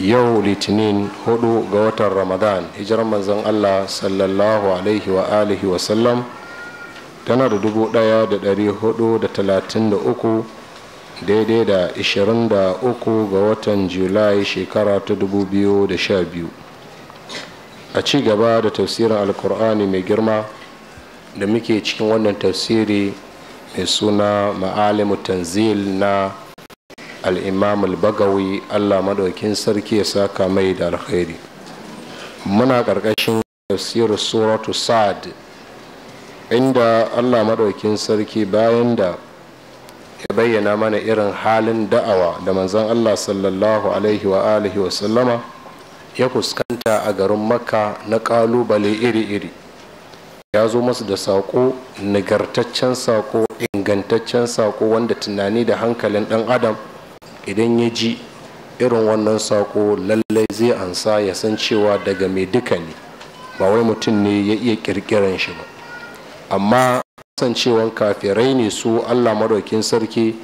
yau litinin hudu ga watan ramadan hijirar manzon allah sallallahu alaihi wa alihi wa sallam tana da dubu daya da dari hudu da talatin da uku daidai da ishirin da uku ga watan julai shekara ta dubu biyu da sha biyu a ci gaba da tafsirin alkur'ani mai girma da muke cikin wannan tafsiri mai suna ma'alimu tanzil na al'imam al-bagawi allah maɗaukin sarki ya saka mai da alkhairi muna ƙarƙashin tafsirar suratu sa'ad inda allah maɗaukin sarki bayan da ya bayyana mana irin halin da'awa da manzon allah sallallahu alaihi wa alihi wa sallama ya fuskanta a garin makka na ƙalubale iri-iri ya zo masu da saƙo nagartaccen saƙo ingantaccen saƙo wanda tunani da hankalin ɗan adam idan ya ji irin wannan sako lallai zai ansa ya san cewa daga mai duka ne ba wai mutum ne ya iya kirkiran shi ba amma kasancewan kafirai ne su allah maɗaukin sarki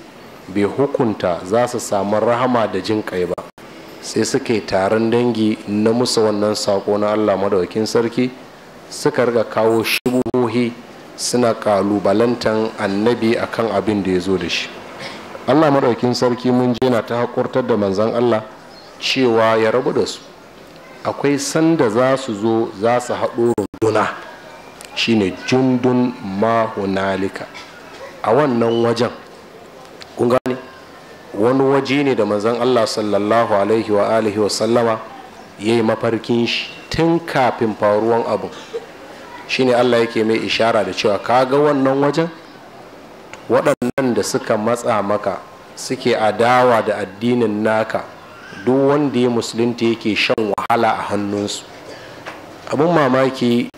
bai hukunta za su samu rahama da jin kai ba sai suka yi taron dangi na musa wannan sako na allah maɗaukin sarki suka riga kawo shubuhohi suna ƙalubalantan annabi akan abin da ya zo da shi allah maɗaukin sarki mun je na ta haƙurtar da manzan allah cewa ya rabu da su akwai sanda za su zo za su haɗo runduna shine jundun mahunalika a wannan wajen kun gane wani waje ne da manzan allah sallallahu alaihi wa alihi wa sallama ya yi mafarkin shi tun kafin faruwan abu shine allah yake mai ishara da cewa 'Ka ga wannan wajen waɗannan da suka matsa maka suke adawa da addinin naka duk wanda ya musulunta yake shan wahala a hannunsu abin mamaki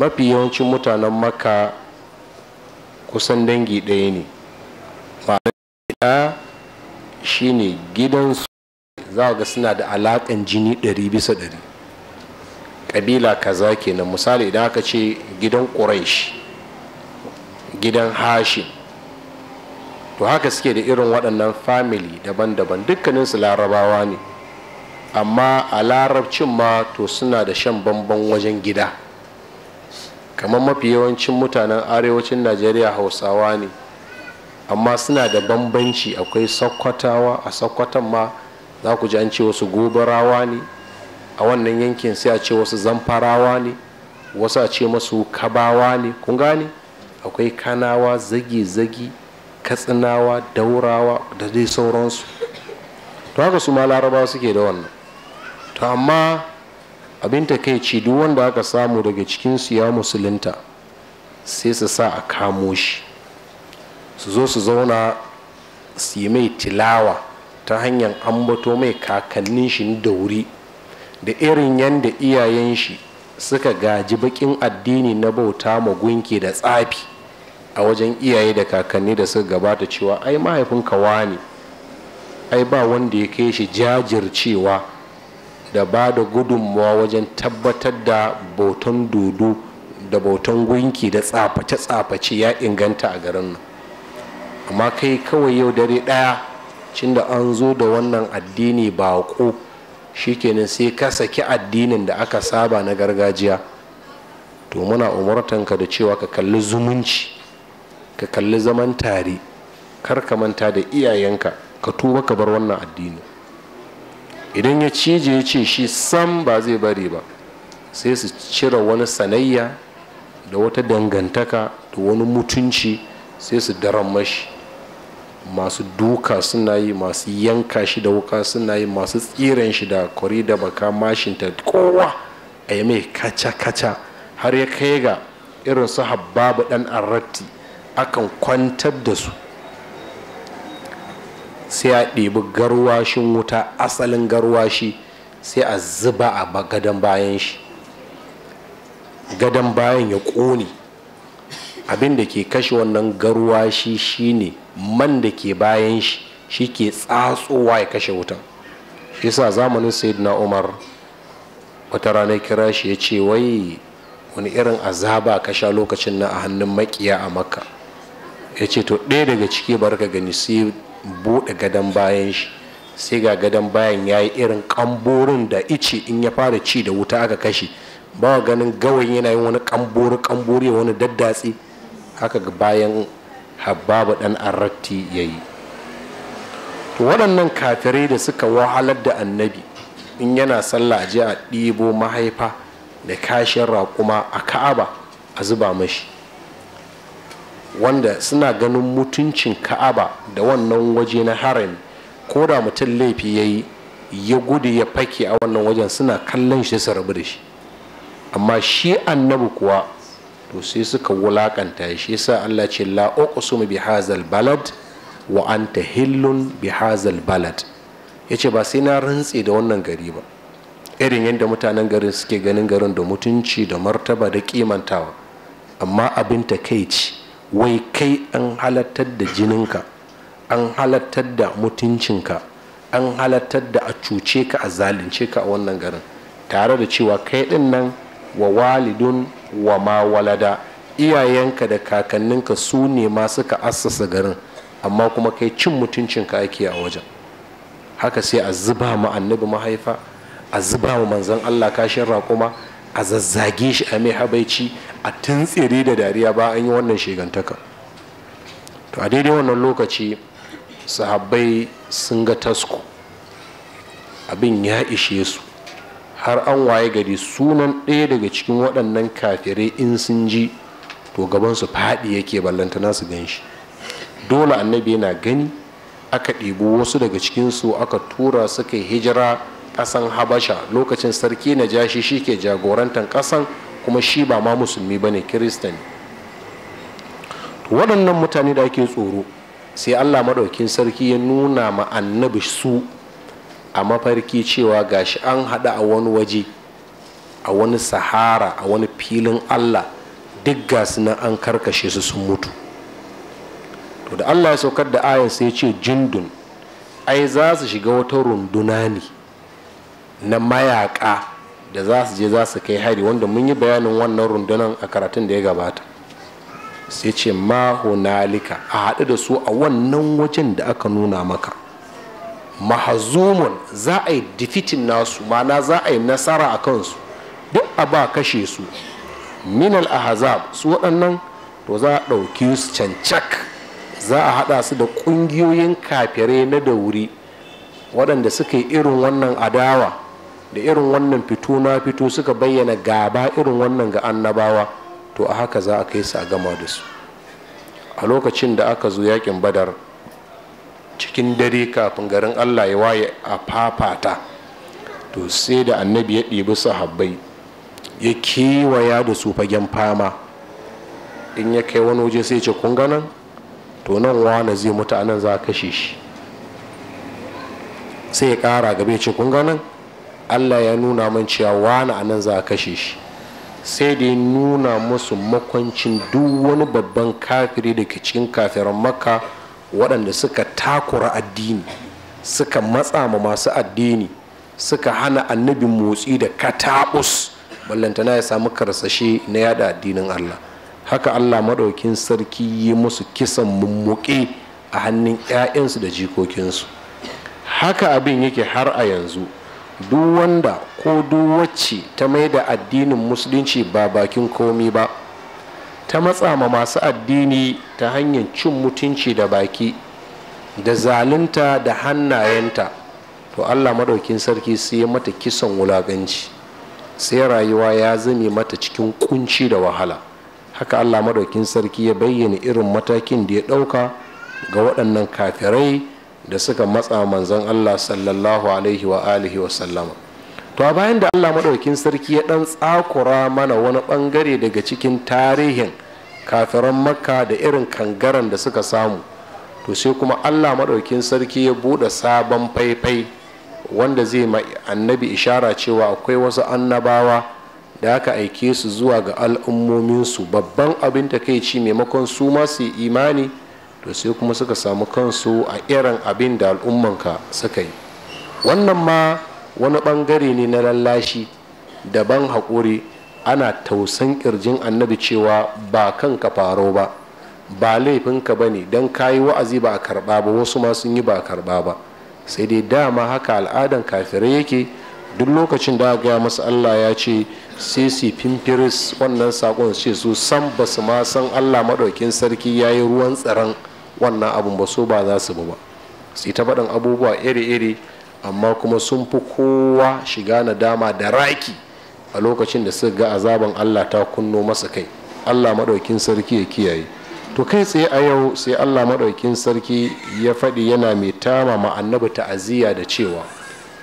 mafi yawancin mutanen maka kusan dangi ɗaya ne ɗaya ne gidansu za ga suna da alaƙan jini ɗari bisa ɗari ƙabila kaza kenan misali idan aka ce gidan ƙuraishi gidan hashim to haka suke da irin waɗannan famili daban-daban dukkaninsu larabawa ne amma a larabcin ma to suna da shan bamban wajen gida kamar mafi yawancin mutanen arewacin najeriya hausawa ne amma suna da bambanci akwai sakkwatawa a sakkwatan ma za ku ji an ce wasu gobarawa ne a wannan yankin sai a ce wasu zamfarawa ne wasu a ce masu kabawa ne kun gane akwai kanawa zagi-zagi katsinawa daurawa da dai sauransu to haka su ma larabawa suke da wannan to amma abin ta kai ce duk wanda aka samu daga cikinsu ya musulunta sai su sa a kamo shi su zo su zauna su yi mai tilawa ta hanyar ambato mai kakannin shi da wuri da irin yadda iyayen shi suka gaji bakin addini na bauta ma gunki da tsafi a wajen iyaye da kakanni da suka gabata cewa ai mahaifinka wani ai ba wanda ya kai shi jajircewa da ba da gudunmawa wajen tabbatar da bautan dodo da bautan gunki da tsaface-tsaface ya inganta a garin nan amma kai kawai yau dare ɗaya cinda an zo da wannan addini baƙo shikenan sai ka saki addinin da aka saba na gargajiya to muna umartanka da cewa ka kalli zumunci ka kalli zaman tare kar ka manta da iyayenka ka tuba ka bar wannan addini idan ya cije ya ce shi sam ba zai bari ba sai su cire wani sanayya da wata dangantaka da wani mutunci sai su daren mashi masu duka suna yi masu yanka shi da wuka suna yi masu tsiren shi da kwari da baka mashinta kowa a yi mai kaca-kaca har ya kai ga irin su habbabu ɗan arratti akan kwantar da su sai a ɗebi garwashin wuta asalin garwashi sai a zuba a gadon bayan shi gadon bayan ya ƙone abinda ke kashe wannan garwashi shine man da ke bayan shi shi ke tsatsowa ya kashe wutan shi sa zamanin sayyidina umar wata ranar kira shi ya ce wai wani irin azaba ka sha lokacin na a hannun makiya a makka ya ce to ɗaya daga ciki bar ka gani sai buɗe gadon bayan shi sai ga gadon bayan ya yi irin ƙamborin da ice in ya fara ci da wuta aka kashe ba ganin gawayin yana yin wani ƙambori ƙambori wani daddatsi haka bayan habbabu ɗan arratti ya yi to waɗannan kafirai da suka wahalar da annabi in yana sallah a a ɗibo mahaifa da kashin raƙuma a ka'aba a zuba mashi wanda suna ganin mutuncin ka'aba da wannan waje na harin ko da mutum laifi ya yi ya gudu ya fake a wannan wajen suna kallon shi su rabu da shi amma shi annabi kuwa to sai suka wulaƙanta shi sa Allah ce la uqsimu bi hazal balad wa anta hillun bi hazal balad yace ba sai na rantse da wannan gari ba irin yadda mutanen garin suke ganin garin da mutunci da martaba da kimantawa amma abin takeici wai kai an halattar da jininka an halattar da mutuncinka an halattar da a cuce ka a zalunce ka a wannan garin tare da cewa kai din nan wa walidun wa ma walada iyayenka da kakanninka su ne ma suka assasa garin amma kuma kai cin mutuncinka ake a wajen haka sai a zuba ma annabi mahaifa a zuba ma manzon allah kashin raƙuma a zazzage shi a mai habaici a tsere da dariya ba an yi wannan shigantaka to a daidai wannan lokaci sahabbai sun ga tasko abin ya ishe su har an waye gari sunan ɗaya daga cikin waɗannan kafirai in sun ji to gabansu faɗi yake ballantana su gan shi dole annabi yana gani aka ɗibu wasu daga cikinsu aka tura suka hijira ƙasan habasha lokacin sarki na jashi shi ke jagorantar ƙasan kuma shi ba ma musulmi ba ne kirista ne waɗannan mutane da ake tsoro sai allah maɗaukin sarki ya nuna ma annabi su a mafarki cewa gashi an haɗu a wani waje a wani sahara a wani filin allah duk gasu nan an karkashe su sun mutu to da allah ya saukar da ayan sai ce jindun ai za su shiga wata runduna ne na mayaka. da za su je za su kai hari wanda mun yi bayanin wannan rundunar a karatun da ya gabata sai ce ma hunalika a haɗu da su a wannan wajen da aka nuna maka mahazumun za a yi difitin nasu mana za a yi nasara a kansu duk a ba kashe su minal ahazab su waɗannan to za a ɗauki su cancak za a haɗa su da ƙungiyoyin kafirai na da wuri waɗanda suka yi irin wannan adawa da irin wannan fito na fito suka bayyana gaba irin wannan ga annabawa to a haka za a kai su a gama da su a lokacin da aka zo yakin badar cikin dare kafin garin allah ya waye a fafata to sai da annabi ya ɗibi sahabbai ya kewaya da su fagen fama in ya kai wani waje sai ce kun to nan wane zai mutu anan za a kashe shi sai ya ƙara gabe ce kun ganan allah ya nuna min cewa wani anan za a kashe shi sai da ya nuna musu makwancin duk wani babban kafiri da cikin kafiran makka waɗanda suka takura addini suka matsa ma masu addini suka hana annabi motsi da kataɓus ballantana ya samu karsashe na yada addinin allah haka allah maɗaukin sarki yi musu kisan mummuƙe a hannun 'ya'yansu da jikokinsu haka abin yake har a yanzu duk wanda ko duk wacce ta mai da addinin musulunci ba bakin komi ba ta matsa ma masu addini ta hanyar cin mutunci da baki da zalunta da hannayenta to allah maɗaukin sarki sai ya mata kisan wulaƙanci sai rayuwa ya zame mata cikin kunci da wahala haka allah maɗaukin sarki ya bayyana irin matakin da ya ɗauka ga waɗannan kafirai da suka matsa manzon Allah sallallahu alaihi wa alihi wa sallama to a bayan da Allah maɗaukin sarki ya ɗan tsakura mana wani ɓangare daga cikin tarihin kafiran makka da irin kangaran da suka samu to sai kuma Allah maɗaukin sarki ya buɗe sabon faifai wanda zai ma annabi ishara cewa akwai wasu annabawa da aka aike su zuwa ga al'ummominsu babban abin takaici maimakon su masu imani to sai kuma suka samu kansu a irin abin da al'ummanka suka yi wannan ma wani ɓangare ne na lallashi daban haƙuri ana tausan ƙirjin annabi cewa ba kanka faro ba ba laifinka ba ne don kayi wa'azi ba a karɓa ba wasu ma sun yi ba a karɓa ba sai dai dama haka al'adan kafirai yake duk lokacin da gaya masu allah ya ce sai su wannan sakon ce su san ba su ma san allah maɗaukin sarki ya yi ruwan tsaron wannan abun ba so ba za su ba su ta faɗin abubuwa iri-iri amma kuma sun fi kowa shiga nadama da raki a lokacin da suka ga azaban allah ta kunno masa kai allah maɗaukin sarki ya kiyaye to kai tsaye a yau sai allah maɗaukin sarki ya faɗi yana mai tama ma annabi ta'aziyya da cewa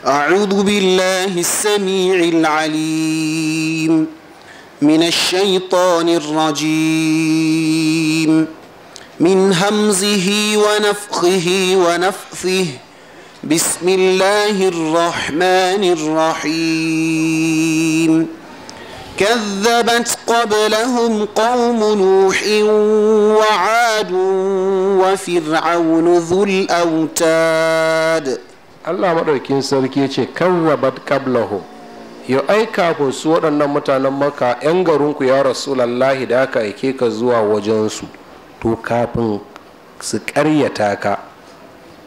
أعوذ بالله السميع العليم من الشيطان الرجيم من همزه ونفخه ونفثه بسم الله الرحمن الرحيم كذبت قبلهم قوم نوح وعاد وفرعون ذو الأوتاد الله مدركين سركي كذبت قبلهم يا ai kafin su waɗannan mutanen maka 'yan garinku ya rasulallahi da aka aike to kafin su ƙaryata ka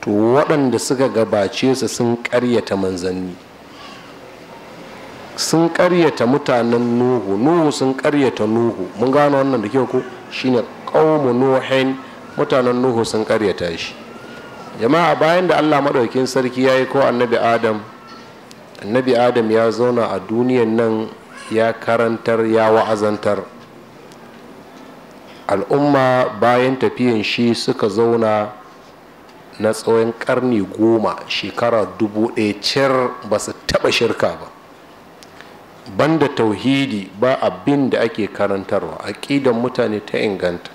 to waɗanda suka gabace su sun ƙaryata manzanni sun ƙaryata mutanen nuhu nuhu sun ƙaryata nuhu mun gano wannan da kyau ko shine qaumu nuhin mutanen nuhu sun ƙaryata shi jama'a bayan da Allah maɗaukin sarki ya yi ko annabi adam annabi adam ya zauna a duniyan nan ya karantar ya wa'azantar al'umma bayan tafiyan shi suka zauna na tsawon karni goma shekara dubu ɗaya cir ba su taɓa shirka ba banda tauhidi ba abin da ake karantarwa aƙidan mutane ta inganta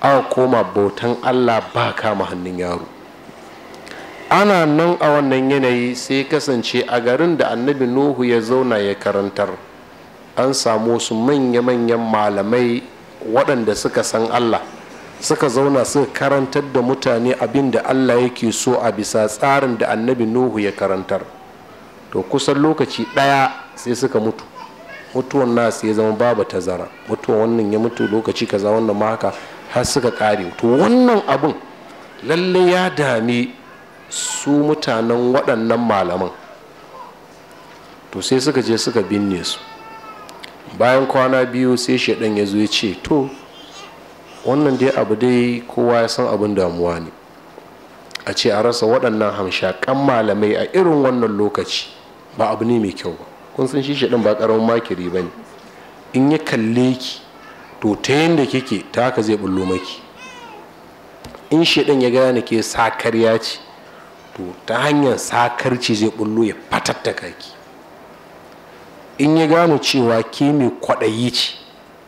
aka koma bautan allah ba kama hannun yaro ana nan a wannan yanayi sai kasance a garin da annabi nuhu ya zauna ya karantar an samu su manya-manyan malamai waɗanda suka san allah suka zauna suka karantar da mutane abin da allah yake so a bisa tsarin da annabi nuhu ya karantar to kusan lokaci ɗaya sai suka mutu mutuwan nasu ya zama babu tazara mutuwan wannan ya mutu lokaci kaza wannan ma haka har suka kare to wannan abun lalle ya dame su mutanen waɗannan malaman to sai suka je suka binne su bayan kwana biyu sai shaidan ya zo ya ce to wannan dai abu dai kowa ya san abin damuwa ne a ce a rasa waɗannan hamshakan malamai a irin wannan lokaci ba abu ne mai kyau ba kun san shi shaidan ba karamin makiri ba ne in ya kalle ki to ta yadda kike ta haka zai bullo maki in shaidan ya gane ke sakarya ce to ta hanyar sakarci zai bullo ya fatattaka ki in ya gano cewa ke mai kwaɗayi ce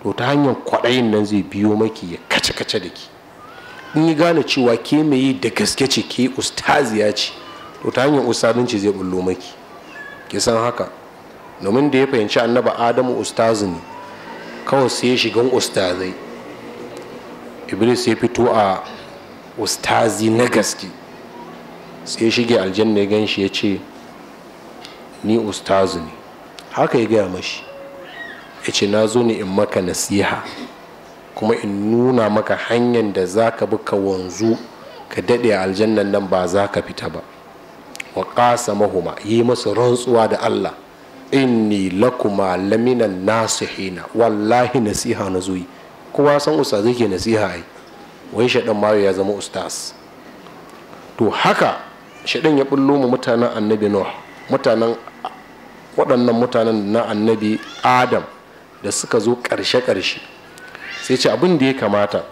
to ta hanyar kwaɗayin nan zai biyo maki ya kace-kace da ke in ya gano cewa ke mai yi da gaske ce ke ustaziya ce to ta hanyar ustazinci zai bullo maki ki san haka domin da ya fahimci annaba adamu ustazu ne kawai sai ya shigan ustazai iblis ya fito a ustazi na gaske sai ya shige aljanna ya gan shi ya ce ni ustazu ne haka ya gaya mashi ya ce na zo ne in maka nasiha kuma in nuna maka hanyar da za ka bi ka wanzu ka daɗe aljannan nan ba za ka fita ba wa ƙasa mahuma yi masu rantsuwa da allah inni lakuma laminan nasihina wallahi nasiha na zuyi kowa san ustaz ke nasiha ai wai shaɗan mayo ya zama ustaz to haka shaɗan ya bullo mu mutanen annabi nuh mutanen waɗannan mutanen na annabi adam da suka zo ƙarshe-ƙarshe sai ce abin da ya kamata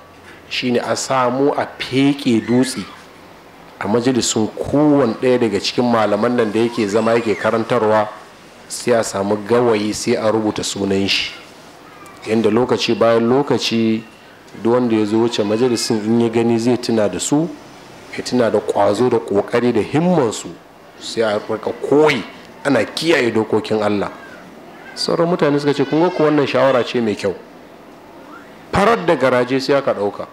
shine a samu a feƙe dutse a majalisun kowane ɗaya daga cikin malaman nan da yake zama yake karantarwa sai a samu gawayi sai a rubuta sunan shi yadda lokaci bayan lokaci duk wanda ya zo wuce majalisun in ya gani zai tuna da su ya tuna da ƙwazo da ƙoƙari da himmansu sai a koyi ana kiyaye dokokin Allah sauran mutane suka ce kun ku wannan shawara ce mai kyau farar da garaje sai aka ɗauka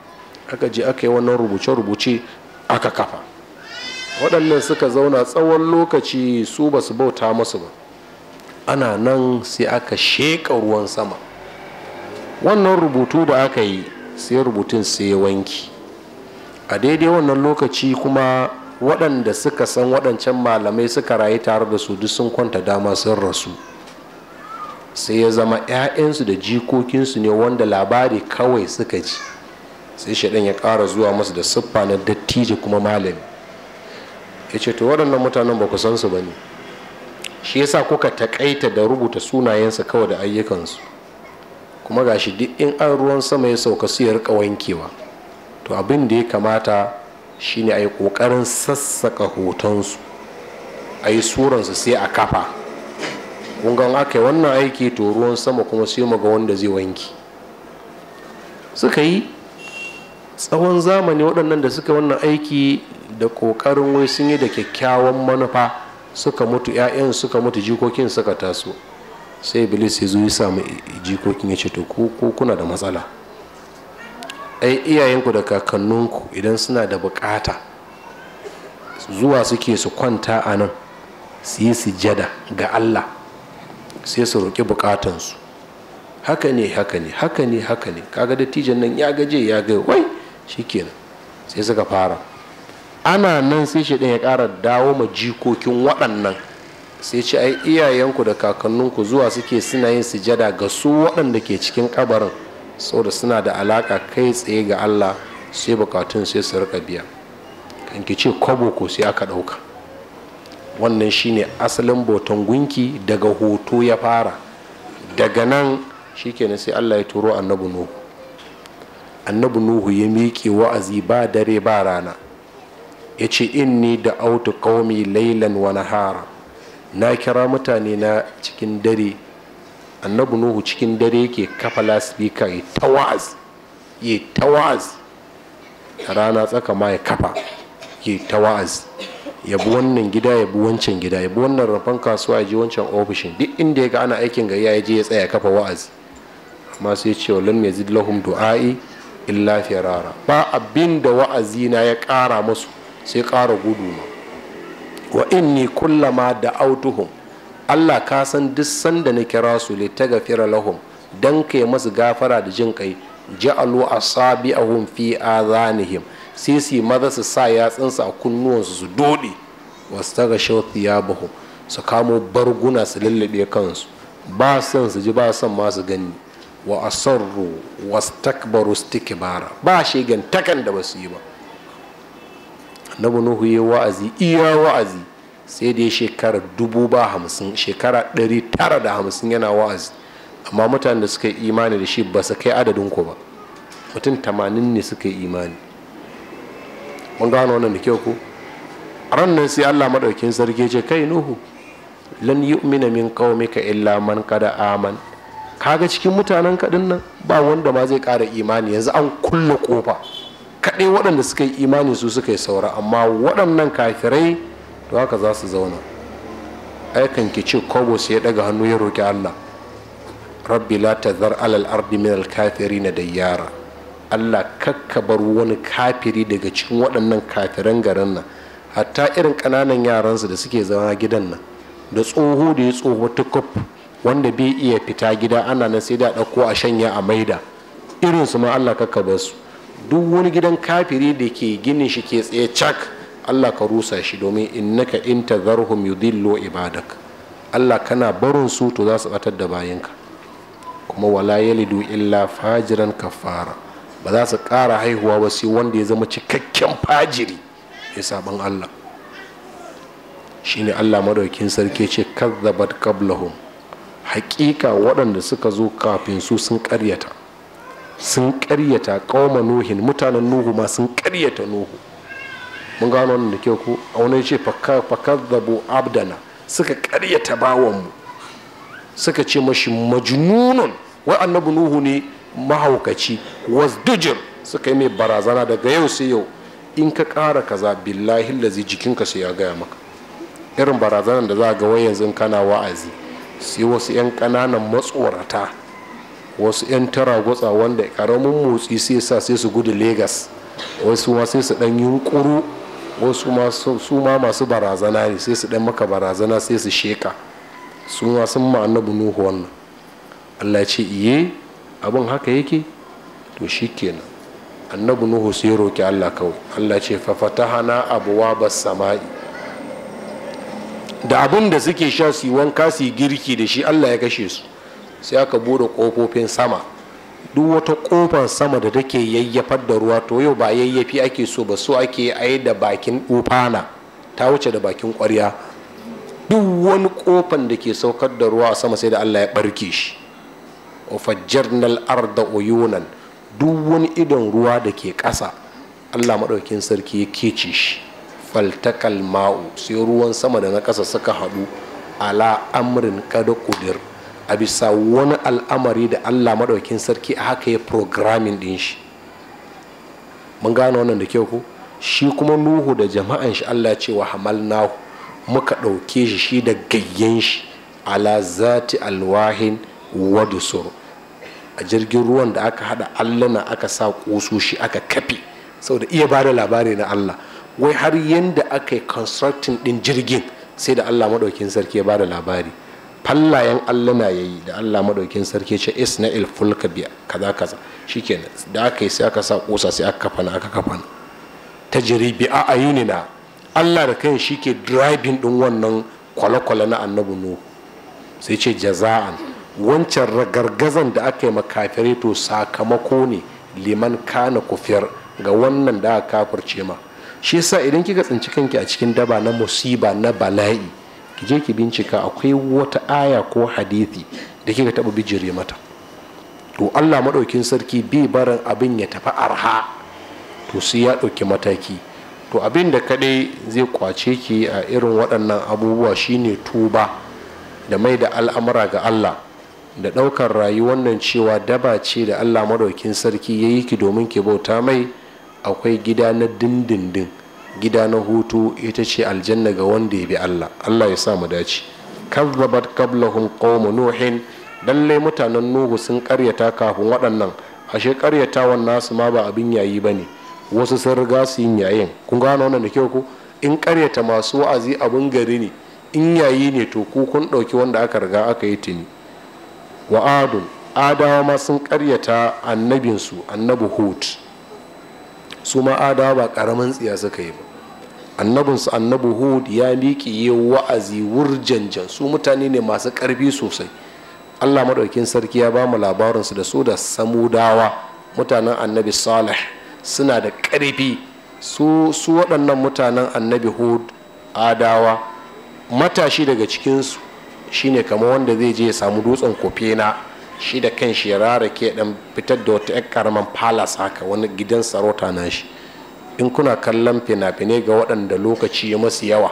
aka je aka yi wannan rubuce-rubuce aka kafa waɗannan suka zauna tsawon lokaci su ba su bauta masu ba ana nan sai aka sheƙa ruwan sama wannan rubutu da aka yi sai rubutun sai wanki a daidai wannan lokaci kuma waɗanda suka san waɗancan malamai suka rayu tare da su duk sun kwanta dama sun rasu sai ya zama 'ya'yansu da jikokinsu ne wanda labari kawai suka ji sai shaɗan ya ƙara zuwa masu da siffa na dattijo kuma malami ya ce to waɗannan mutanen ba ku san su ba ne shi yasa kuka taƙaita da rubuta sunayensu kawai da ayyukansu kuma gashi duk in an ruwan sama ya sauka su ya rika wankewa to abin da ya kamata shine a yi ƙoƙarin sassaka hotonsu a yi suransu sai a kafa ƙungan aka yi wannan aiki to ruwan sama kuma sai maga wanda zai wanki suka yi tsawon zamani waɗannan da suka wannan aiki da ƙoƙarin wai sun yi da kyakkyawan manufa suka mutu 'ya'yan suka mutu jikokin suka taso sai bilis ya zo ya samu jikokin ya ce to ko kuna da matsala ai iyayenku da kakanninku idan suna da bukata zuwa suke su kwanta a nan su yi sujada ga allah sai su roƙi bukatansu haka ne haka ne haka ne haka ne kaga dattijan nan ya gaje ya gaje wai shikenan sai suka fara ana nan sai shi ya ƙara dawo ma jikokin waɗannan sai ce ai iyayenku da kakanninku zuwa suke suna yin sijada ga su waɗanda ke cikin kabarin saboda suna da alaka kai tsaye ga allah sai bukatun sai su rika biya kan ki ce kwabo ko sai aka ɗauka wannan shine asalin boton gunki daga hoto ya fara daga nan shikenan sai allah ya turo annabi nuhu annabi nuhu ya miƙe wa'azi ba dare ba rana ya ce inni da autu qaumi lailan wa nahara na kira mutane na cikin dare annabi nuhu cikin dare yake kafa lasifika ya ta wa'az ya ta wa'az rana tsaka ma ya kafa ya ta wa'az ya bi wannan gida ya bi wancan gida ya bi wannan rafan kasuwa ya je wancan ofishin duk inda ya ga ana aikin ga ya je ya tsaya kafa wa'az. amma sai ce wa lam yazid lahum du'a'i illa firara ba abin da wa'azi na ya kara musu sai kara gudu ma wa inni kullama da Allah ka san duk sanda na kira su li tagfira lahum dan kai masu gafara da jin kai ja'alu asabi'ahum fi azanihim sai su maza su sa su a kunnuwansu su dode wastaghashaw thiyabahum su kamo barguna su lallabe kansu ba son su ji ba son ma su gani wa asarru wastakbaru istikbara ba shegan takan da basu yi ba annabi nuhu yayi wa'azi iya wa'azi sai da ya shekara dubu ba hamsin shekara ɗari tara da hamsin yana wa'azi amma mutanen da suka yi imani da shi ba su kai adadin ku ba mutum tamanin ne suka yi imani mun gano wannan da kyau ko ran nan sai allah maɗaukin sarki ce kai nuhu lan yu'mina min qaumika illa man kada aman kaga cikin mutanen kaɗin nan ba wanda ma zai ƙara imani yanzu an kulle ƙofa kaɗai waɗanda suka yi imani su suka yi saura amma waɗannan kafirai to haka za su zauna aikan ki ce kobos ya daga hannu ya roƙi allah rabbi la tazar alal ardi min alkafiri na dayyara allah kakka bar wani kafiri daga cikin waɗannan kafiran garin nan hatta irin ƙananan yaransu da suke zama gidan nan da tsoho da ya tsoho ta tukuf wanda bai iya fita gida ana nan sai da ɗauko a shanya a maida irinsu ma allah kakka bar su duk wani gidan kafiri da ke ginin shi ke tsaye cak Allah ka rusa shi domin innaka in tadharhum yudillu ibadak Allah kana barin su to za su batar da bayinka kuma wala yalidu illa fajiran kafara ba za su ƙara haihuwa ba sai wanda ya zama cikakken fajiri ya saban Allah shine Allah madaukin sarki ce kazzabat qablahum hakika waɗanda suka zo kafin su sun karyata. sun karyata ƙauma nuhin mutanen nuhu ma sun karyata nuhu mun gano wannan da ke ku a wani ce bu abdana suka karyata mu suka ce mashi majnunun wai annabi nuhu ne mahaukaci wasdujir suka yi mai barazana daga yau sai yau in ka ƙara kaza billahi lazi jikinka sai ya gaya maka irin barazanar da za ga wai yanzu kana wa'azi sai wasu 'yan ƙananan matsorata wasu 'yan tara gwatsa wanda ƙaramin motsi sai sa sai su gudu legas wasu ma sai su ɗan yunkuru wasu su ma masu barazana ne sai su dan maka barazana sai su sheka su ma sun ma annabi nuhu wannan allah ce iye abin haka yake to shikenan annabi nuhu sai roki allah kawai allah ce fa fatahana abuwa bas sama'i da abin da suke sha su wanka su girki da shi allah ya kashe su sai aka bude kofofin sama duk wata kofar sama da take yayyafar da ruwa to yau ba yayyafi ake so ba so ake ai da bakin ufana ta wuce da bakin kwarya duk wani kofan da ke saukar da ruwa a sama sai da Allah ya barke shi ufajjarnal arda uyunan duk wani idon ruwa da ke ƙasa Allah maɗaukin sarki ya kece shi faltakal ma'u sai ruwan sama da na ƙasa suka haɗu ala amrin kada ƙudir a bisa wani al'amari da allah maɗaukin sarki a haka ya programming ɗin shi mun gane wannan da kyau ko shi kuma nuhu da jama'an shi allah ce wa hamal nahu muka ɗauke shi shi da gayyen shi ala zati alwahin soro a jirgin ruwan da aka haɗa hada na aka sa shi aka kafe saboda iya bada labari na allah wai har yanda aka yi constructing din jirgin sai da allah maɗaukin sarki ya bada labari fallayen Allah ya yi da allah madaukin sarki ce isna'il fulka biya kaza kaza shikenan da aka yi sai aka sa kusa sai aka kafana aka kafana ta jiribi a ayunina allah da kan shi ke driving ɗin wannan kwale-kwale na annabu nuhu sai ce jaza'an wancan ragargazan da aka yi makafirai to sakamako ne liman kana kufiyar ga wannan da aka kafirce ma shi yasa idan kika tsinci kanki a cikin daba na musiba na bala'i ki je ki bincika akwai wata aya ko hadithi da kika taba bijire mata to Allah maɗaukin sarki bi barin abin ya tafi arha to sai ya ɗauki mataki to abin da kadai zai kwace ki a irin waɗannan abubuwa shine tuba da mai da al'amura ga Allah da ɗaukar rayuwar nan cewa daba ce da Allah maɗaukin sarki ya yi ki domin ki bauta mai akwai gida na dindindin gida na hutu ita ce aljanna ga wanda ya bi Allah Allah ya sa mu dace kazzabat qablahum qaumu nuhin lallai mutanen nuhu sun karyata kafin waɗannan ashe karyatawan nasu ma ba abin yayi bane wasu sun riga su yin yayin kun gano wannan da kyau ko in karyata masu wa'azi abin gari ne in yayi ne to ku kun ɗauki wanda aka riga aka yi tuni wa adun adawa ma sun karyata annabinsu annabi su ma adawa ba ƙaramin tsiya suka yi ba annabinsu annabi hud ya miƙi ya wa'azi wurjanjan su mutane ne masu ƙarfi sosai allah maɗaukin sarki ya ba mu labarinsu da su da samudawa mutanen annabi salih suna da ƙarfi su waɗannan mutanen annabi hud adawa matashi daga cikinsu shine kamar wanda zai je ya samu dutsen kofena shi da kan shi ya rarake dan fitar da wata 'yan karaman palace haka wani gidan sarauta na shi in kuna kallon fina-finai ga waɗanda lokaci ya masu yawa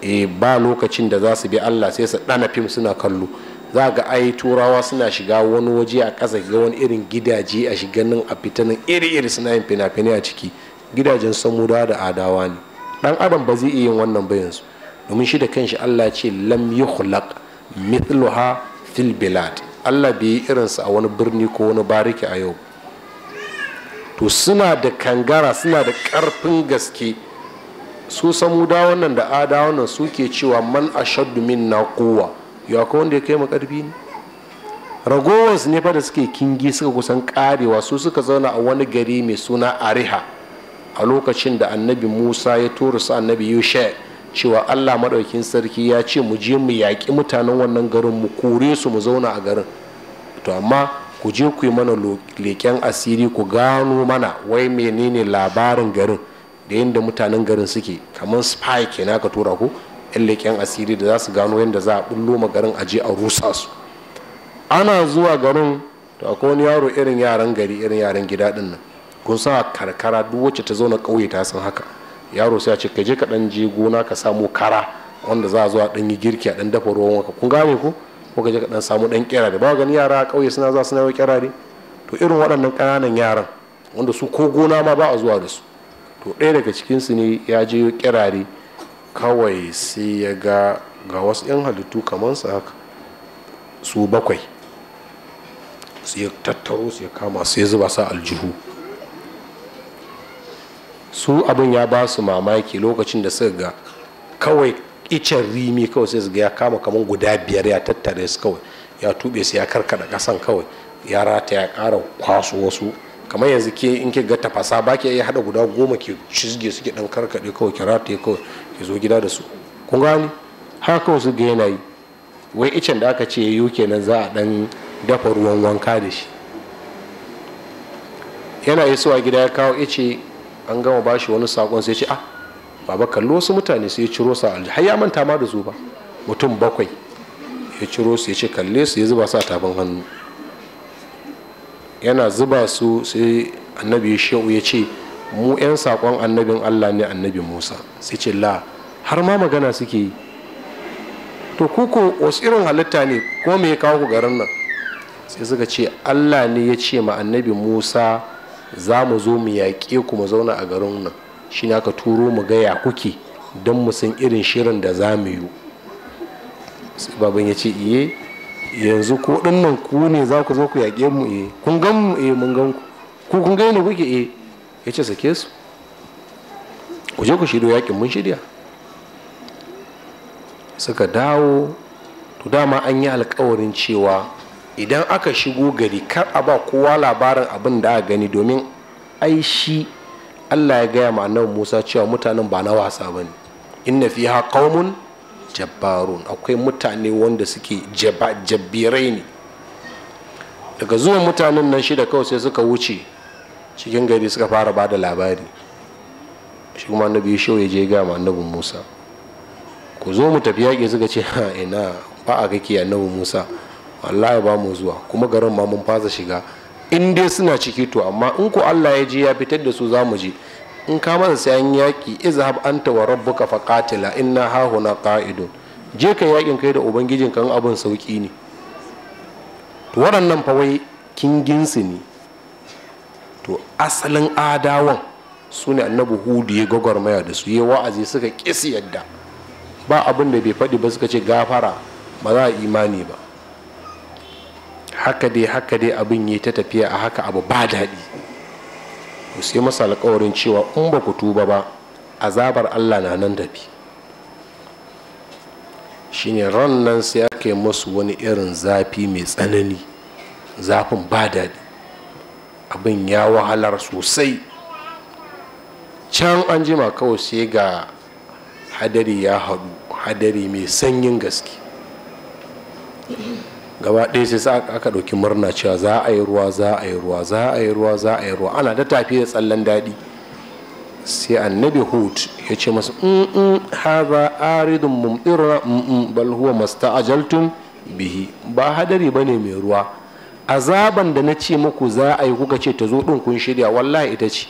e ba lokacin da za su bi allah sai su ɗana fim suna kallo za ga ai turawa suna shiga wani waje a ƙasa ga wani irin gidaje a shiga nan a fita nan iri-iri suna yin fina-finai a ciki gidajen samuda da adawa ne ɗan adam ba zai iya yin wannan ba yanzu domin shi da kanshi allah ce lam yukhlaq mithluha fil bilad allah bai yi irinsa a wani birni ko wani bariki a yau to suna da kangara suna da ƙarfin gaske su da wannan da ada wannan suke cewa man ashaddu na kowa ya ko wanda ya kai makarfi ƙarfi ne ragowarsu ne fa da suke kingi suka kusan karewa su suka zauna a wani gari mai suna ariha a lokacin da annabi musa ya tura su annabi yushe cewa allah maɗaukin sarki ya ce mu je mu yaƙi mutanen wannan garin mu kore su mu zauna a garin to amma ku je ku yi mana leƙen asiri ku gano mana wai menene labarin garin da yadda mutanen garin suke kamar spy na ka tura ku yan leƙen asiri da za su gano yadda za a bullo ma garin a je a rusa su ana zuwa garin to akwai wani yaro irin yaran gari irin yaran gida din nan kun sa karkara duk wacce ta zauna ƙauye ta san haka yaro sai a ce ka je ka ɗan je gona ka samu kara wanda za a zo a dan yi girki a dan dafa ruwan waka kun gane ku ko ka je ka dan samu dan kirare ba gani yara a ƙauye suna za suna yau kirare to irin waɗannan ƙananan yaran wanda su ko gona ma ba a zuwa da su to ɗaya daga cikinsu ne ya je kirare kawai sai ya ga ga wasu 'yan halittu kamar su haka su bakwai su ya tattaro su ya kama su ya zuba sa aljihu su abin ya ba su mamaki lokacin da suka ga kawai icen rimi kawai sai ga ya kama kaman guda biyar ya tattare su kawai ya tube su ya karkada kasan kawai ya rata ya kara kwaso wasu kamar yanzu ke in ke ga tafasa ba ke iya hada guda goma ke cizge suke dan karkade kawai ki rata kawai ki zo gida da su kun gani haka wasu ga yana yi wai icen da aka ce yayo kenan za a dan dafa ruwan wanka da shi yana isuwa gida ya kawo ice an gama bashi wani sakon sai ce ah baba kallo wasu mutane sai ya ciro a aljihu har ya manta ma da su ba mutum bakwai ya ciro su ya ce kalle su ya zuba su a tafin hannu yana zuba su sai annabi shehu ya ce mu 'yan saƙon annabin allah ne annabi musa sai ce la har ma magana suke yi to kuku wasu irin halitta ne ko me ya kawo ku garin nan sai suka ce allah ne ya ce ma annabi musa za mu zo mu yaƙe ku mu zauna a garin nan shi ne aka turo mu gaya kuke don mu san irin shirin da za mu yi baban ya ce iye eh, yanzu ko nan ku ne za ku zo ku yaƙe mu iye eh, kun gan mu iye eh, mun gan ku ku kun gani kuke iye ya ce sake su ku je ku shirya yaƙin mun shirya suka dawo to dama an yi alkawarin cewa idan aka shigo gari kar a ba kowa labarin abin da aka gani domin ai shi Allah ya gaya ma annabi Musa cewa mutanen ba na wasa ba ne inna fiha qaumun jabbarun akwai mutane wanda suke jabbirai ne daga zuwan mutanen nan shida kawai sai suka wuce cikin gari suka fara bada labari shi kuma annabi ya ya je ga annabi Musa ku zo mu tafi yaƙi suka ce ha ina ba a kake annabi Musa wallahi ba mu zuwa kuma garin ma mun fasa shiga in dai suna ciki to amma in ko Allah ya ji ya fitar da su za mu ji in ka masa sai an yaƙi izhab anta wa rabbuka qatila inna huna qa'idun je ka yaƙin kai da ubangijin kan abin sauki ne to waɗannan fa wai kinginsu ne to asalin adawan su ne annabi hudu ya gwagwarmaya da su ya wa'azi suka ƙi yadda ba abin da bai faɗi ba suka ce gafara ba za a imani ba haka dai haka dai abin yi ta tafiya a haka abu ba daɗi sai masa alkawarin cewa in ba ku tuba ba azabar allah na nan tafi shine ran nan sai aka yi masu wani irin zafi mai tsanani zafin ba daɗi abin ya wahalar sosai can an jima kawai sai ga hadari ya haɗu hadari mai sanyin gaske gaba ɗaya sai sa aka ɗauki murna cewa za a yi ruwa za a yi ruwa za a yi ruwa za a yi ruwa ana da tafi da tsallen daɗi sai annabi hud ya ce masu in haza aridun mumɗirna in bal huwa masta'ajaltum bihi ba hadari ne mai ruwa azaban da na ce muku za a yi kuka ce ta zo ɗin kun shirya wallahi ita ce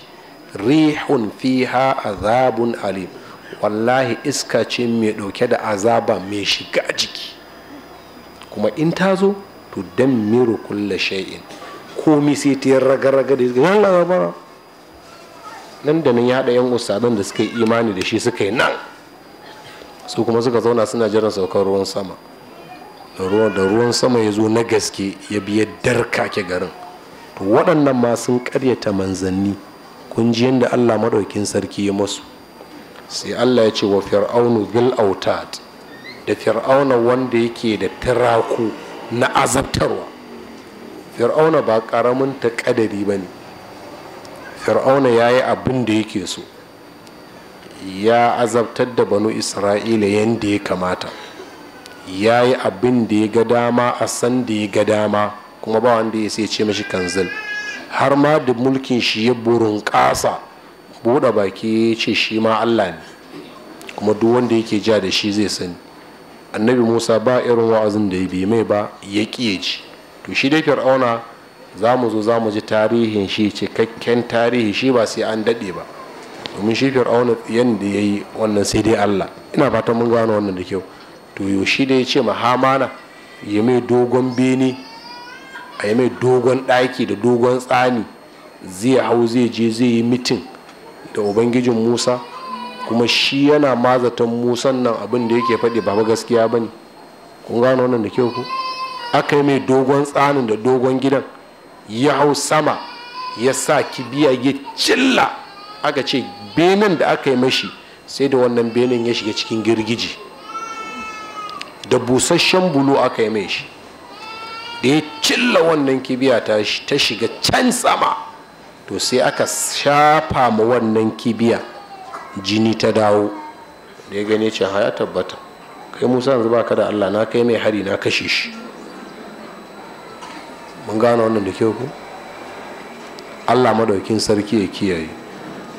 rihun fiha azabun alim wallahi iska ce mai ɗauke da azaba mai shiga jiki kuma in ta zo to dan miro kulla shay'in komi sai ta raga-raga da ya Allah nan da nan ya haɗa 'yan ustadan da suka yi imani da shi suka yi nan su kuma suka zauna suna jiran saukar ruwan sama da ruwan sama ya zo na gaske ya biya darka ke garin to waɗannan ma sun karyata manzanni kun ji yadda allah maɗaukin sarki ya masu sai allah ya ce wa fir'aunu bil autat da fir'auna wanda yake da tiraku na azabtarwa fir'auna ba ƙaramin ta ƙadari ba ne fir'auna ya yi abin da yake so ya azabtar da banu isra'ila yadda ya kamata ya yi abin da ya ga dama a san da ya ga dama kuma ba wanda ya sai ce mashi kanzil har ma da mulkin shi ya burin kasa buɗe baki ya ce shi ma allah ne kuma duk wanda yake ja da shi zai sani annabi musa ba irin wa'azin da ya bi mai ba ya ƙiye ji to shi dai fir'auna za mu zo za mu ji tarihin shi cikakken tarihi shi ba sai an daɗe ba domin shi fir'auna yadda ya yi wannan sai dai allah ina fatan mun gano wannan da kyau to yaushe da ya ce ma hamana ya mai dogon bene a ya mai dogon ɗaki da dogon tsani zai hau zai je zai yi mitin da ubangijin musa kuma shi yana mazatan musan nan abin da yake faɗi ba gaskiya ba ne kun gano wannan da kyau ku aka yi mai dogon tsanin da dogon gidan ya hau sama ya sa kibiya ya cilla aka ce benin da aka yi mashi sai da wannan benin ya shiga cikin girgiji da busasshen bulu aka yi mai shi da ya cilla wannan kibiya ta shiga can sama to sai aka shafa ma wannan kibiya jini ta dawo da ya gane ce ya tabbata kai musa yanzu ba ka da allah na kai mai hari na kashe shi mun gane wannan da kyau ku allah madaukin sarki ya kiyaye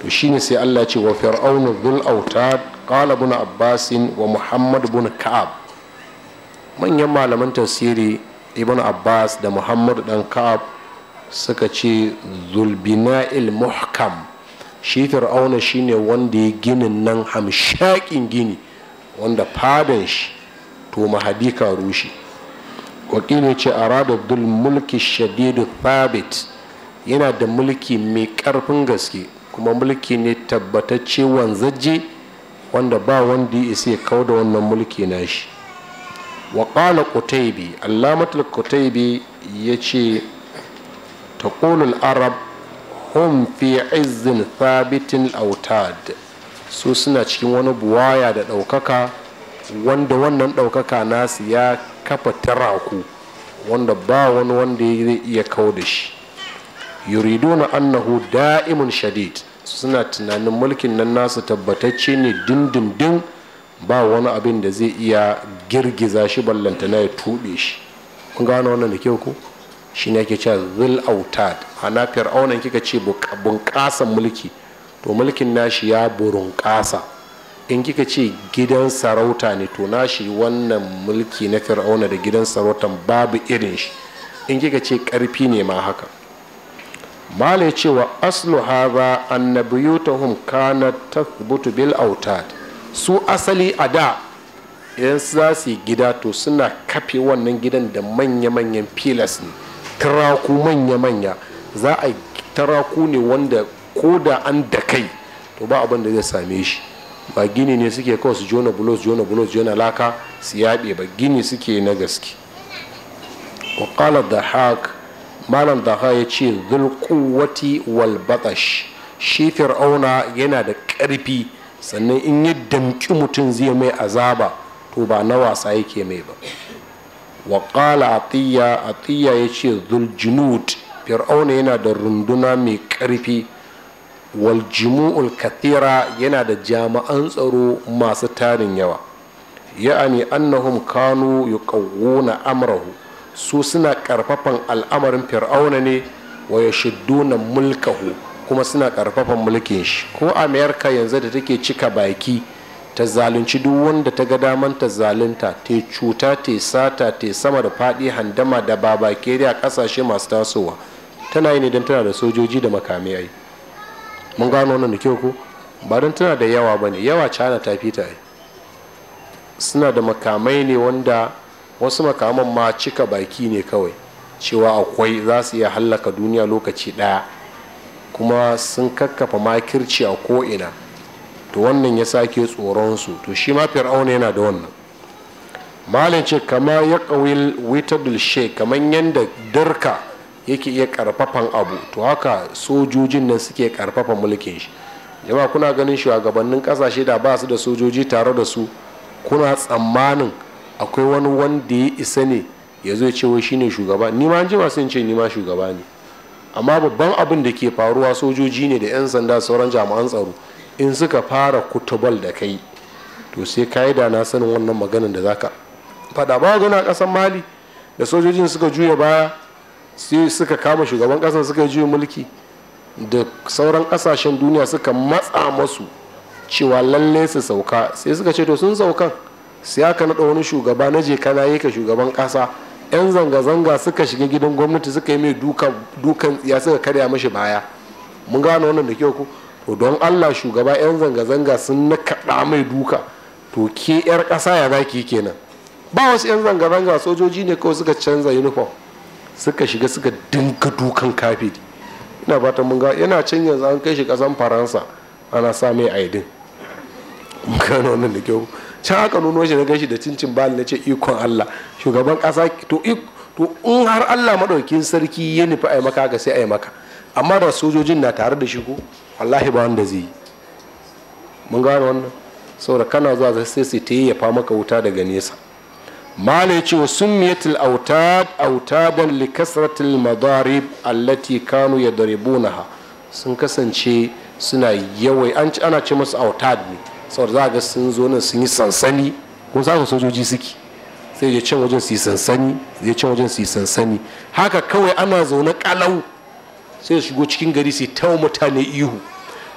to shine sai allah ce wa fir'aunu dhul autad qala ibn abbasin wa muhammad ibn ka'ab manyan malaman tafsiri ibn abbas da muhammad dan ka'ab suka ce zulbina'il muhkam shi fir'auna shine wanda ya ginin nan hamshakin gini wanda fadan shi to Mahadika ka rushe wakili ce a radadul mulki shadidu thabit yana da mulki mai ƙarfin gaske kuma mulki ne tabbatacce wanzaje wanda ba wanda ya isa kawo da wannan mulki na shi wa kutaibi allamatul kutaibi ya ce ta arab hum fi izzin thabitin autad su suna cikin wani buwaya da ɗaukaka wanda wannan ɗaukaka nasu ya kafa taraku wanda ba wani wanda zai iya kawo da shi yuriduna annahu da'imun shadid suna tunanin mulkin nan nasu tabbatacce ne dindindin ba wani abin da zai iya girgiza shi na ya tuɓe shi kun gano wannan da kyau ko shi ne ake cewa zil autad ana fir'aunan kika ce bunƙasan mulki to mulkin nashi ya burunƙasa in kika ce gidan sarauta ne to nashi wannan mulki na fir'auna da gidan sarauta babu irin shi in kika ce ƙarfi ne ma haka mala ya ce wa aslu haza annabiyutahum kana tathbutu bil autad su asali a da idan za su yi gida to suna kafe wannan gidan da manya-manyan filas ne taraku manya-manya za a taraku ne wanda ko da an da kai to ba abin da zai same shi ba gini ne suke kawai su jona bulos jona bulos jona laka su yaɗe ba gini suke na gaske waƙalar da haƙ malam da ya ce zulkuwati wal batash shi fir'auna yana da ƙarfi sannan in yi damƙi mutum zai mai azaba to ba na wasa yake mai ba waƙala qala atiya atiya yace dhul junud fir'auna yana da runduna mai ƙarfi wal jumu'ul kathira yana da jami'an tsaro masu tarin yawa ya'ani annahum kanu yuqawwuna amrahu su suna ƙarfafan al'amarin fir'auna ne wa yashudduna mulkahu kuma suna ƙarfafan mulkin shi ko amerika yanzu da take cika baki ta zalunci duk wanda ta ga daman ta zalunta ta cuta ta sata ta sama da faɗi handama da babake a ƙasashe masu tasowa tana yi ne don tana da sojoji da makamai ai mun gano wannan da kyau ko ba don tana da yawa ba ne yawa cana ta fita yi. suna da makamai ne wanda wasu makaman ma cika baki ne kawai cewa akwai za su iya hallaka duniya lokaci ɗaya kuma sun kakkafa makirci a ko'ina to wannan ya sake tsoronsu to shi ma fir'auna yana da wannan malin ce kama ya ƙawil witadul she kamar yadda durka yake iya karfafan abu to haka sojojin nan suke karfafa mulkin shi jama'a kuna ganin shugabannin kasashe da ba su da sojoji tare da su kuna tsammanin akwai wani wanda ya isa ne ya zo cewa shi ne shugaba ni ma jima sun ce ni ma shugaba ne amma babban abin da ke faruwa sojoji ne da 'yan sanda sauran jami'an tsaro in suka fara kutubal da kai to sai ka yi da na sanin wannan maganin da za ka faɗa ba na kasan mali da sojojin suka juya baya sai suka kama shugaban kasan suka juya mulki da sauran kasashen duniya suka matsa masu cewa lalle su sauka sai suka ce to sun saukan sai aka naɗa wani shugaba na je kana yi ka shugaban ƙasa 'yan zanga-zanga suka shiga gidan gwamnati suka yi mai dukan tsiya suka karya mashi baya mun gane wannan da kyau ko. to don allah shugaba 'yan zanga-zanga sun nakaɗa mai duka to ke 'yar ƙasa ya zaki kenan ba wasu 'yan zanga-zanga sojoji ne kawai suka canza uniform suka shiga suka dinka dukan kafiri ina fatan mun ga yana can yanzu an kai shi ƙasan faransa ana sa aidin gano nan da kyau can aka nuno shi na gashi da cincin bali na ce ikon allah shugaban ƙasa to in har allah maɗaukin sarki ya nufi a maka ga sai a maka amma da sojojin na tare da shi ko wallahi ba wanda zai yi mun gano wannan saboda kana zuwa sai sai ta fa maka wuta daga nesa mala ya ce wa summiyatul autad autadan li kasratil madarib allati kanu yadribunaha sun kasance suna yawai an ana ce musu autad ne saboda za ga sun zo nan sun yi sansani ko za sojoji suke sai ya can wajen su yi sansani zai can wajen su yi sansani haka kawai ana zaune kalau sai su shigo cikin gari su ta mutane ihu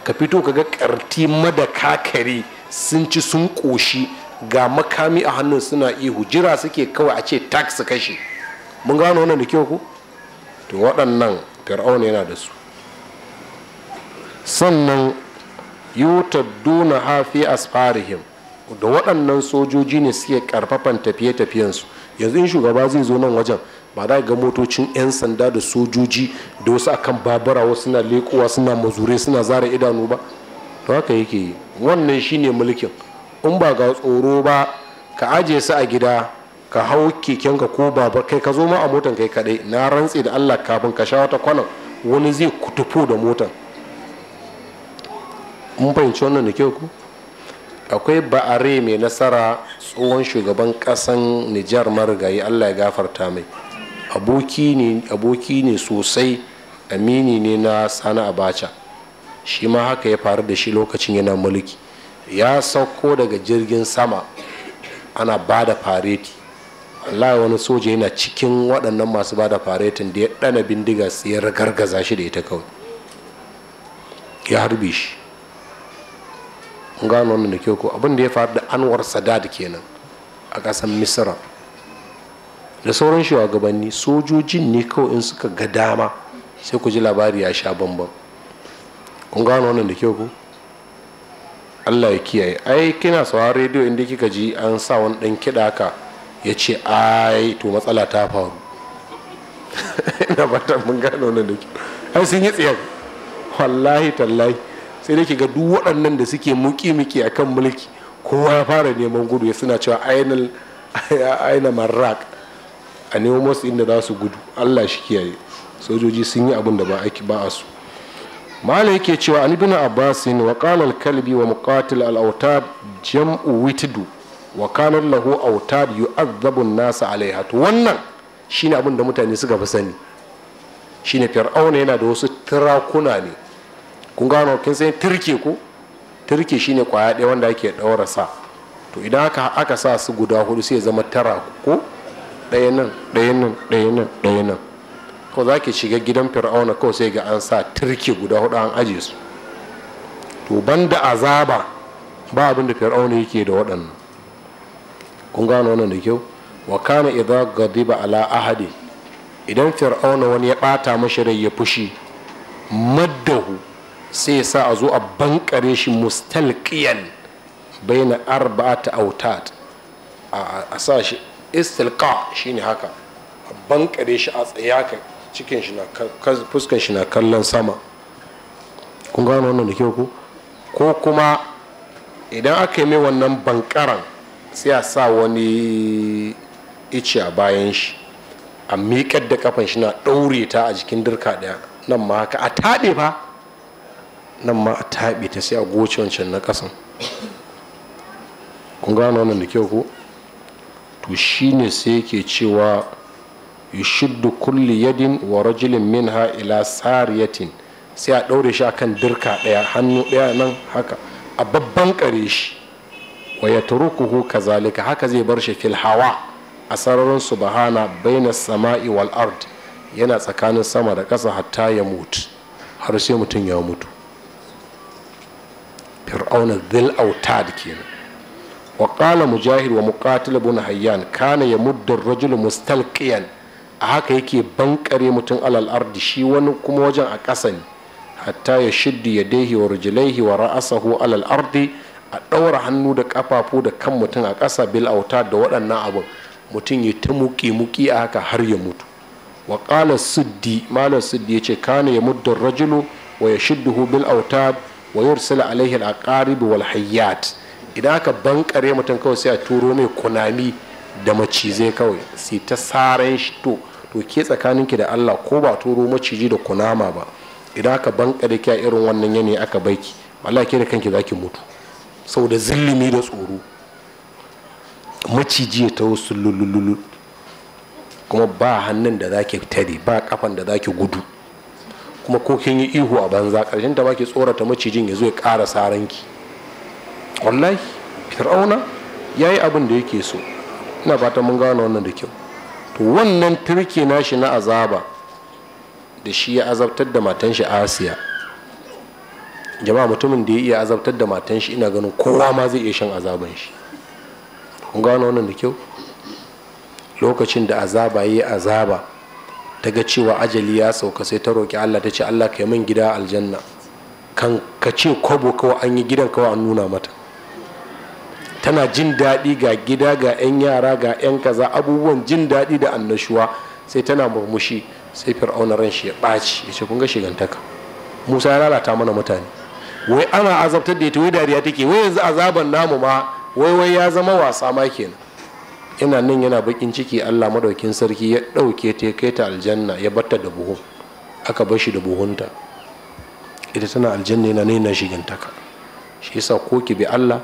ka fito ka ga karti madaka kare sun ci sun koshi ga makami a hannun suna ihu jira suke kawai a ce tax kashe mun gano wannan da kyau ku to waɗannan fir'auna yana da su sannan duna hafi asfarihim da waɗannan sojoji ne suke karfafan tafiye-tafiyensu yanzu in shugaba zai zo nan wajen ba za ga motocin 'yan sanda da sojoji da wasu akan babura wasu na lekuwa suna mazure suna zara idanu ba to haka yake yi wannan shine mulkin in ba ga tsoro ba ka aje su a gida ka hau keken ka ko babar kai ka zo ma a motan kai kadai na rantse da allah kafin ka sha wata kwanan wani zai kutufo da motan mun fahimci wannan da kyau ku akwai ba'are mai nasara tsohon shugaban kasan nijar marigayi allah ya gafarta mai aboki ne aboki ne sosai amini ne na sani abacha shi ma haka ya faru da shi lokacin yana mulki ya sauko daga jirgin sama ana ba da fareti Allah wani soja yana cikin waɗannan masu bada faretin da ya ɗana bindiga su ya gargaza shi da ita kawai ya harbe shi gano wannan da ke ko abin da ya faru da anwar sadad kenan a ƙasar misra da sauran shugabanni sojojin ne kawai in suka ga dama sai ku ji labari ya sha bambam kun gano wannan da kyau ku allah ya kiyaye ai kina sauraron rediyo inda kika ji an sa wani dan kiɗa ka ya ce ai to matsala ta faru ina fata mun gano wannan da kyau ai sun yi tsayar wallahi tallahi sai dai ga duk waɗannan da suke muki muki kan mulki kowa ya fara neman gudu ya suna cewa ainihin marrak a nemo masu inda za su gudu allah shi kiyaye sojoji sun yi abin da ba aiki ba a su malam yake cewa an bin abbasin wa kalal kalbi wa muqatil al jam'u witdu wa kanar lahu autab yu'azzabun nasa alaiha to wannan shine abin da mutane suka fi sani shine fir'auna yana da wasu tirakuna ne kun gano kin san turke ko turke shine kwaya ɗaya wanda ake ɗaura sa to idan aka aka sa su guda hudu sai zama tara ko ɗaya nan ɗaya nan ɗaya nan ɗaya nan ko za ki shiga gidan fir'auna ko sai ga an sa turke guda hudu an aje su to banda azaba ba abin da fir'auna yake da waɗannan kun gano wannan da kyau wa kana idza ghadiba ala ahadi idan fir'auna wani ya bata mashi rai ya fushi maddahu sai ya sa a zo a bankare shi mustalqiyan baina arba'ata autat a sa shi shi shine haka a bankare shi a tsaya ka cikin na fuskan shi na kallon sama kun gano wannan da kyau ko kuma idan aka yi mai wannan bankaran sai a sa wani ice a bayan shi a miƙar da kafan shi na ɗaure ta a jikin dirka ɗaya nan ma haka a taɓe ba, nan ma a taɓe ta sai a goce wancan na ƙasan kun gano wannan da kyau ko to shi ne sai yake cewa yushiddu kulli yadin wa rajulin minha ila sariyatin sai a ɗaure shi akan dirka ɗaya hannu daya nan haka a babban kare shi wa yatrukuhu kazalika haka zai bar shi fil hawa a sararin subhana baina sama'i wal ard yana tsakanin sama da ƙasa hatta ya mutu har sai mutum ya mutu fir'auna dhil autad kenan waƙala qala mujahid wa muqatil ibn hayyan kana ya ar-rajulu mustalqiyan a haka yake bankare mutum alal ardi shi wani kuma wajen a ƙasa ne hatta ya shiddi ya dehi wa rijilaihi wa ra'asahu alal ardi a ɗaura hannu da ƙafafu da kan mutum a ƙasa bil auta da waɗannan abin mutum ya ta muƙi muƙi a haka har ya mutu wa ƙala suddi malam suddi ya ce kana ya muddar rajulu wa ya shidduhu bil auta wa yursila alaihi al aqarib wal hayyat idan aka bankare mutum kawai sai a turo mai kunami da macizai kawai sai ta saran shi to to ke tsakaninki da allah ko ba turo maciji da kunama ba idan aka bankare ki a irin wannan yanayi aka baiki wallahi ke da kanki zaki mutu saboda zillimi da tsoro maciji ya taho lullu kuma ba hannun da zaki tare ba kafan da zaki gudu kuma ko kin yi ihu a banza karshen ta baki tsorata macijin ya zo ya ƙara saranki wallahi fir'auna ya yi abin da yake so ina fata mun gane wannan da kyau to wannan turke nashi na azaba da shi ya azabtar da matan shi asiya jama'a mutumin da ya iya azabtar da matan shi ina ganin kowa ma zai iya shan azaban shi kun gane wannan da kyau lokacin da azaba ya yi azaba ta ga cewa ajali ya sauka sai ta roƙi allah ta ce allah ka yi min gida aljanna kan ka ce kwabo kawai an yi gidan kawai an nuna mata tana jin daɗi ga gida ga 'yan yara ga 'yan kaza abubuwan jin daɗi da annashuwa sai tana murmushi sai fir'auna ran shi ya ɓaci ya ce kun ga shigantaka musa ya lalata mana mutane wai ana azabtar da ita wai dariya take wai yanzu azaban namu ma wai wai ya zama wasa ma kenan yana nan yana bakin ciki allah madaukin sarki ya ɗauke ta ya kai ta aljanna ya batta da buhun, aka bar shi da buhunta ita tana aljanna yana nan shigantaka shi yasa ko ki bi allah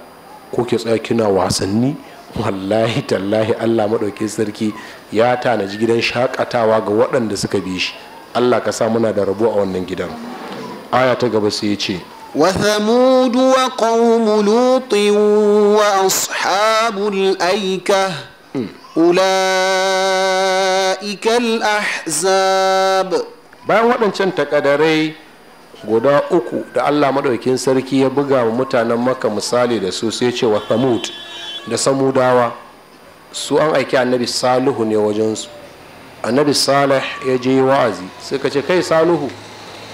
ko ke tsaya kina wasanni wallahi tallahi allah maɗauki sarki ya tanaji gidan shaƙatawa ga waɗanda suka bi shi allah ka sa muna da rabo a wannan gidan aya ta gaba sai ya ce وثمود وقوم لوط وأصحاب الأيكة أولئك الأحزاب bayan waɗancan takadarai guda uku da allah maɗaukin sarki ya buga wa mutanen maka misali da su sai ce wa samud da samudawa su an aiki annabi salihu ne wajensu annabi salih ya je wa'azi suka ce kai salihu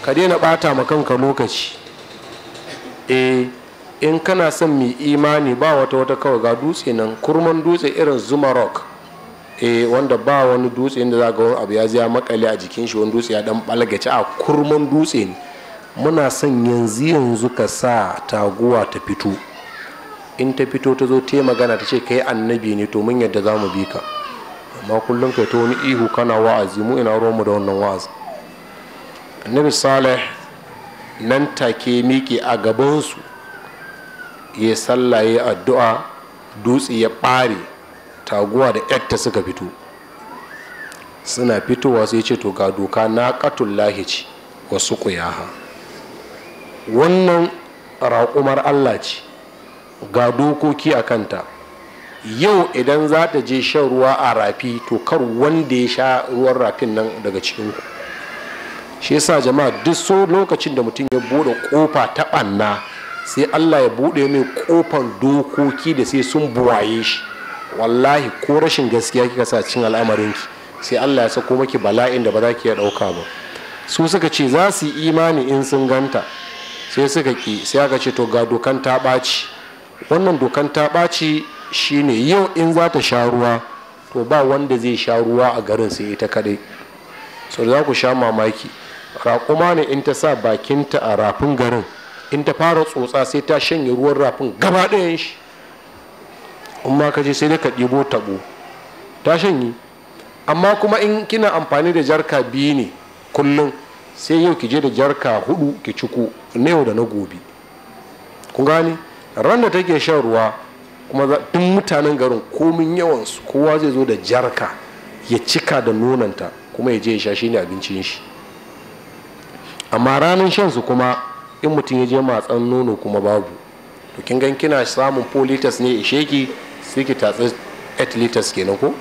ka daina ɓata ma kanka lokaci e in kana son mai imani ba wata wata kawai ga dutse nan kurman dutse irin zuma rock e wanda ba wani dutse inda za ga wani abu ya ziya makale a jikin shi wani dutse ya dan balagace a kurman dutse ne muna son yanzu yanzu ka sa taguwa ta fito in ta fito ta zo ta magana ta ce kai annabi ne to mun yadda za mu bi ka amma kullum kai ta wani ihu kana wa'azi mu ina ruwanmu da wannan wa'azi annabi saleh nan take miƙe a gabansu ya sallaye addu'a dutse ya ɓare taguwa da yatta suka fito suna fitowa sai ce to ga doka na katullahi ce wasu ƙuyaha wannan raƙumar allah ce ga dokoki a kanta yau idan za ta je shan ruwa a rafi to kar wanda ya sha ruwan rafin nan daga cikinku shi yasa jama'a duk so lokacin da mutum ya bude kofa ta ɓanna sai allah ya bude mai kofan dokoki da sai sun buwaye shi wallahi ko rashin gaskiya kika sa cin al'amarin ki, sai allah ya sako maki bala'in da ba za ki ya ɗauka ba su suka ce za su yi imani in sun ganta sai suka ki sai aka ce to ga dokan ta ɓaci wannan dokan ta ɓaci shine yau in za ta sha ruwa to ba wanda zai sha ruwa a garin sai ita kaɗai so za ku sha mamaki raƙuma ne in ta sa bakinta a rafin garin in ta fara tsotsa sai ta shanye ruwan rafin gaba ɗayan shi in ka je sai dai ka ɗibo taɓo ta shanye amma kuma in kina amfani da jarka biyu ne kullum sai yau ki je da jarka hudu ki ciko na yau da na gobe kun gane ran da take shan ruwa kuma duk mutanen garin komin yawansu kowa zai zo da jarka ya cika da nonanta kuma ya je ya sha shi ne abincin shi amma ranar shansu kuma in mutum ya je matsan nono kuma babu to kin gan kina samun 4 ne ishe ki sai ki tatsi 8 liters kenan ko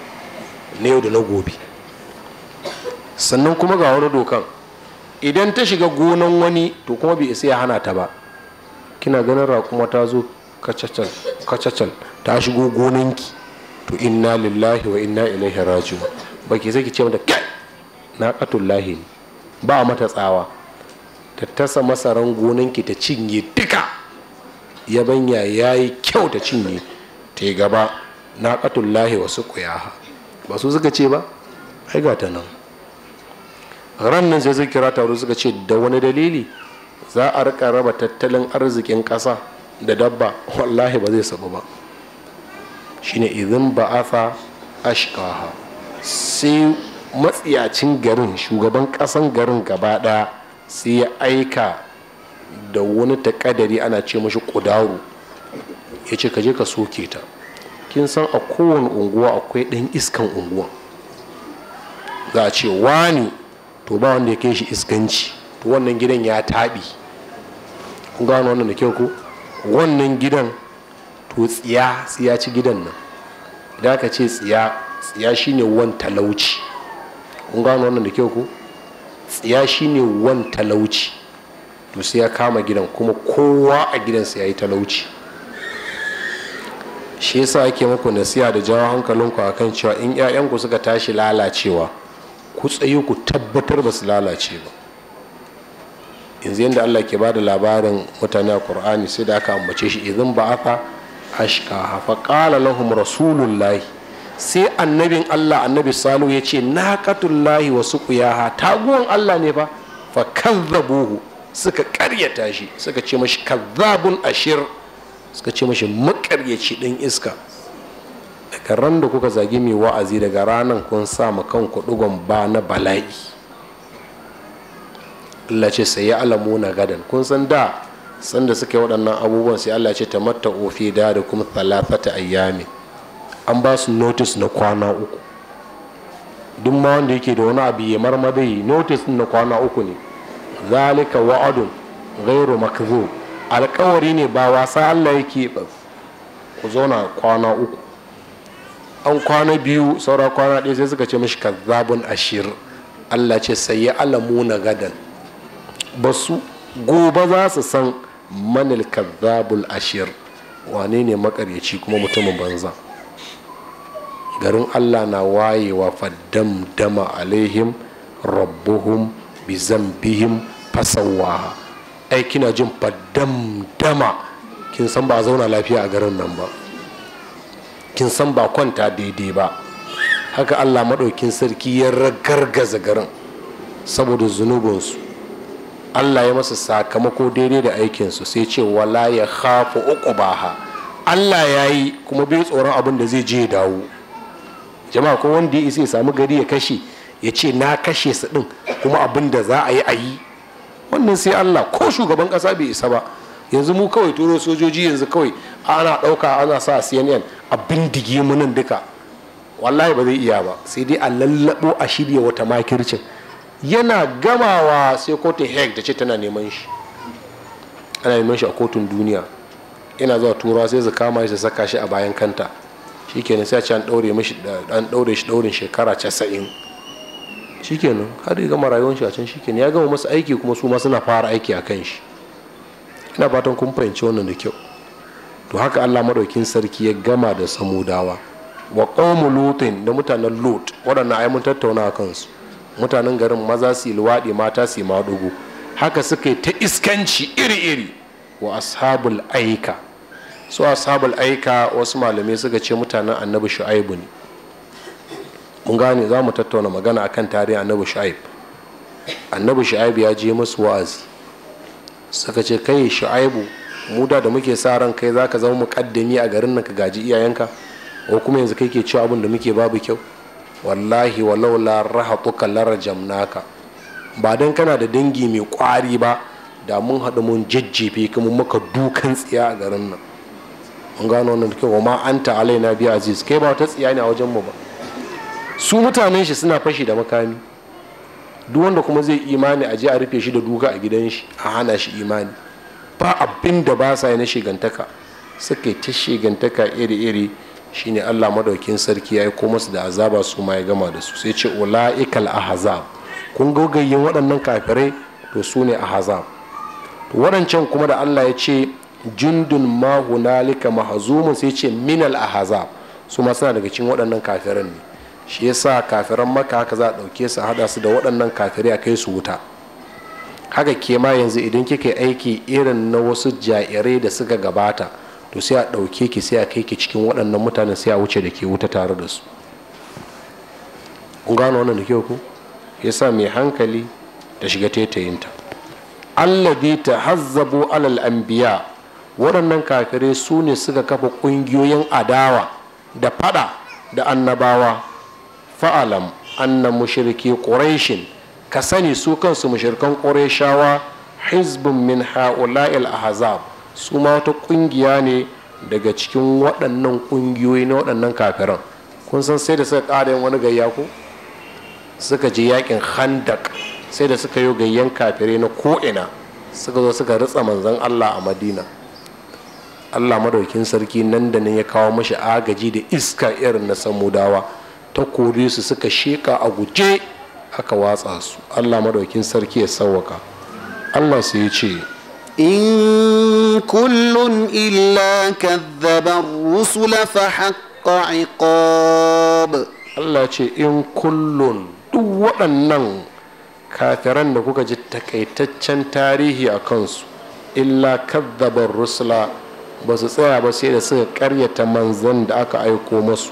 na yau da na gobe sannan kuma ga wani dokan idan ta shiga gonan wani to kuma bai isa ya hana ta ba kina ganin raƙuma ta zo kacacal ta shigo gonanki to inna lillahi wa inna ilaihi raji'un ke sai ke ce mata kai na katullahi ne ba mata tsawa ta tasa masaran gonanki ta cinye duka yabanya yayi kyau ta cinye ta yi gaba na lahi wasu kuyaha ba su suka ce ba ai ga ta nan ran nan sai suka kira taro suka ce da wani dalili za a rika raba tattalin arzikin ƙasa da dabba wallahi ba zai sabu ba shine idan ba'atha ashqaha sai matsiyacin garin shugaban ƙasan garin gaba ɗaya sai ya aika da wani takadari ana ce mashi ƙudaru. ya ce kaje ka soke ta kin san a kowane unguwa akwai ɗan iskan unguwa za a ce wani to ba wanda ya kai shi iskanci to wannan gidan ya taɓi kun gano wannan da kyau ko wannan gidan to tsiya tsiya ci gidan nan idan aka ce tsiya tsiya shine wan talauci kun gano wannan da kyau ko tsiya shine wan talauci to sai ya kama gidan kuma kowa a gidansa ya yi talauci shi yasa ake muku nasiha da jawo hankalinku akan cewa in 'ya'yanku suka tashi lalacewa ku tsaye ku tabbatar ba su lalace ba yanzu yadda allah ke ba da labarin mutane a ƙur'ani sai da aka ambace shi idan ba aka ashka hafa ƙala lahum rasulullahi sai annabin allah annabi salihu ya ce na wasu wasu suqiyaha taguwan allah ne ba fa kazzabuhu suka karyata shi suka ce mashi kazzabun ashir suka ce mashi makaryaci ɗin iska karan ran da kuka zagi mai wa'azi daga ranar kun sa ma kanku ɗigon ba na bala'i Allah ce sai ya alamu na gadan kun san da sanda suka yi waɗannan abubuwan sai Allah ce ta mata ofi da da kuma talafata ayyami an ba su notice na kwana uku duk ma wanda yake da wani abu ya yi, notice na kwana uku ne zalika wa'adun gairu makzub alkawari ne ba wasa Allah yake ku zauna kwana uku an kwana biyu saura kwana ɗaya sai suka ce mashi kazzabun ashir allah ce sai ya alamu na gadan ba su gobe za su san manil kazzabul ashir wane ne makaryaci kuma mutumin banza garin allah na wayewa faddam dama alaihim rabbuhum bi zambihim fasawa ai kina jin faddam dama kin san ba zauna lafiya a garin nan ba kin san ba kwanta daidai ba haka allah maɗaukin sarki ya ragargaza garin saboda zunubinsu allah ya masa sakamako daidai da aikinsu sai ce wala ya hafa uku baha allah ya yi kuma bai tsoron abin da zai je ya dawo jama'a ko wanda ya isa ya samu gari ya kashe ya ce na kashe su ɗin kuma abin da za a yi a yi wannan sai allah ko shugaban ƙasa bai isa ba yanzu mu kawai turo sojoji yanzu kawai ana ɗauka ana sa cnn a bindigi mu nan duka wallahi ba zai iya ba sai dai a lallaɓo a shirya wata makircin yana gamawa sai kotun heg da ce tana neman shi ana neman shi a kotun duniya yana zuwa turawa sai su kama shi saka shi a bayan kanta shikenan sai a can an ɗaure mishi an ɗaure shi ɗaurin shekara casa'in shikenan har ya gama rayuwar shi a can shikenan ya gama masu aiki kuma su ma suna fara aiki a kan shi ina fatan kun fahimci wannan da kyau to haka allah madaukin sarki ya gama da samudawa wa ƙaumu lutin da mutanen lut waɗannan ai mun tattauna kansu mutanen garin maza su luwaɗi mata su maɗugo haka suka yi ta iskanci iri-iri wa ashabul aika su ashabul aika wasu malamai suka ce mutanen annabi shu'aibu ne mun gane za mu tattauna magana akan tarihin annabi shu'aib annabi shu'aib ya je musu wa'azi suka ce kai shu'aibu muda da muke sa ran kai zaka zama muƙaddami a garin nan ka gaji iyayenka ko kuma yanzu kai ke cewa abin da muke babu kyau wallahi walau la rahatuka larajamnaka ba dan kana da dangi mai ƙwari ba da mun haɗu mun jajjefe kuma muka dukan tsiya a garin nan mun gano wannan da kyau ma anta alaina bi aziz kai ba ta tsiya ne a wajen mu ba su mutanen shi suna fashi da makami duk wanda kuma zai imani a je a rufe shi da duka a gidan shi a hana shi imani ba abin da ba sa na shigantaka suka yi ta shigantaka iri-iri shine Allah madaukin sarki ya yi ko masu da azaba su ma ya gama da su sai ce ula'ikal ahzab kun gogayyen waɗannan kafirai to su ne ahzab to waɗancan kuma da Allah ya ce jundun ma hunalika sai ce minal ahazab su ma suna daga cikin waɗannan kafirin ne shi yasa kafiran maka haka za a ɗauke su haɗa su da waɗannan kafirai a kai su wuta haka ke ma yanzu idan kike aiki irin na wasu jairai da suka gabata to sai a ɗauke ki sai a kai ki cikin waɗannan mutanen sai a wuce da ke wuta tare da su gano wannan da kyau ku yasa mai hankali da shiga tetayinta ta tahazzabu alal anbiya waɗannan kafirai su ne suka kafa ƙungiyoyin adawa da fada da annabawa fa'alam anna mushriki quraishin ka sani su kansu mushrikan qurayshawa hizbun min ha'ula'il ahzab su ma wata kungiya ne daga cikin waɗannan kungiyoyi na waɗannan kafiran kun san sai da suka ƙara wani gayya ko suka je yakin handak sai da suka yi gayyan kafirai na ko'ina suka zo suka ritsa manzon Allah a Madina Allah madaukin sarki nan da nan ya kawo mashi agaji da iska irin na samudawa ta kore su suka sheƙa a guje aka watsa su allah maɗaukin sarki ya sauwaka allah su ya ce in kullun illa kadhabar rusula fa haqqa iqab allah ce in kullun duk waɗannan kafiran da kuka ji takaitaccen tarihi a kansu illa kadhabar rusula ba su tsaya ba sai da suka karyata manzan da aka aiko masu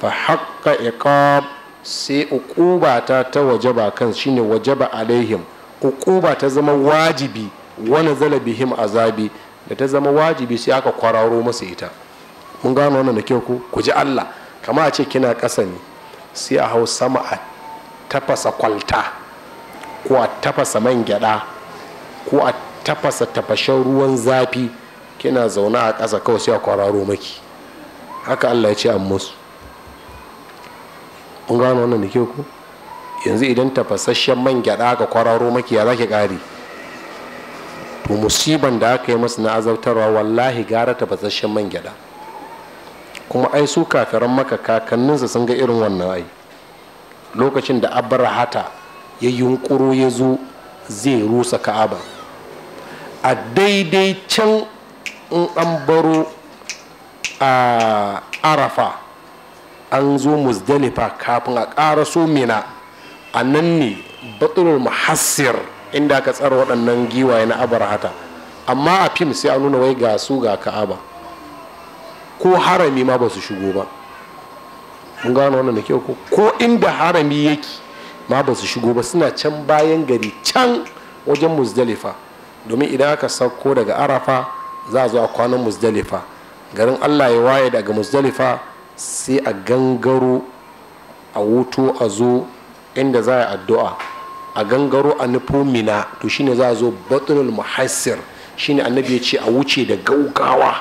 fa haƙƙa iqab sai uquba ta ta wajaba kan shine wajaba alaihim uƙuba ta zama wajibi wani zala bihim azabi da ta zama wajibi sai aka kwararo masa ita mun gano wannan da kyau ku ku ji Allah kama a ce kina ƙasa ne sai a hau sama a tafasa kwalta ko a tafasa man gyada ko a tafasa tafashen ruwan zafi kina zaune a ƙasa kawai sai a kwararo maki haka Allah ya ce an musu mun gano wannan da ke ku yanzu idan tafasasshen man gyada ga kwararo makiya za ki kare to musiban da aka yi masu na azabtarwa wallahi gara tafasasshen man gyada kuma ai su kafiran maka kakanninsa sun ga irin wannan ai lokacin da abrahata ya yunkuro ya zo zai rusa ka'aba a daidai can in an baro a arafa an zo muzdalifa kafin a ƙaraso mina a nan ne batulul muhassir inda aka tsara waɗannan giwaye na abarhata amma a fim sai a nuna wai ga su ga ka'aba ko harami ma ba su shigo ba mun gano wannan da kyau ko inda harami yake ma ba su shigo ba suna can bayan gari can wajen muzdalifa domin idan aka sauko daga arafa za a zo a kwanan muzdalifa garin allah ya waye daga muzdalifa sai a gangaro a wuto a zo inda za a addu'a a gangaro a nufo mina to shine za a zo batunul muhassir shine annabi ya ce a wuce da gaugawa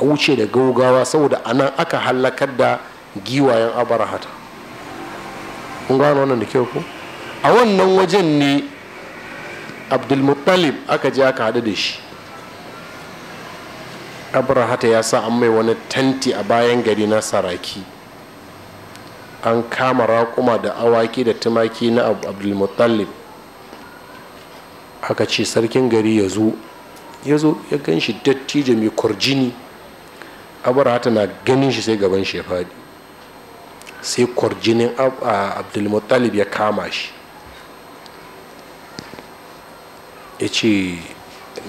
a wuce da gaugawa saboda anan aka halakar da giwayen abarahata kun gano wannan da kyau ko a wannan wajen ne abdulmuttalib aka je aka haɗu da shi abrahata ya sa an mai wani tanti a bayan gari na saraki an kama raƙuma da awaki da tumaki na abdulmutallib aka ce sarkin gari ya zo ya zo ya gan shi dattijo mai kurjini abrahata na ganin shi sai gaban shi ya faɗi sai kurjinin abdulmutallib ya kama shi ya ce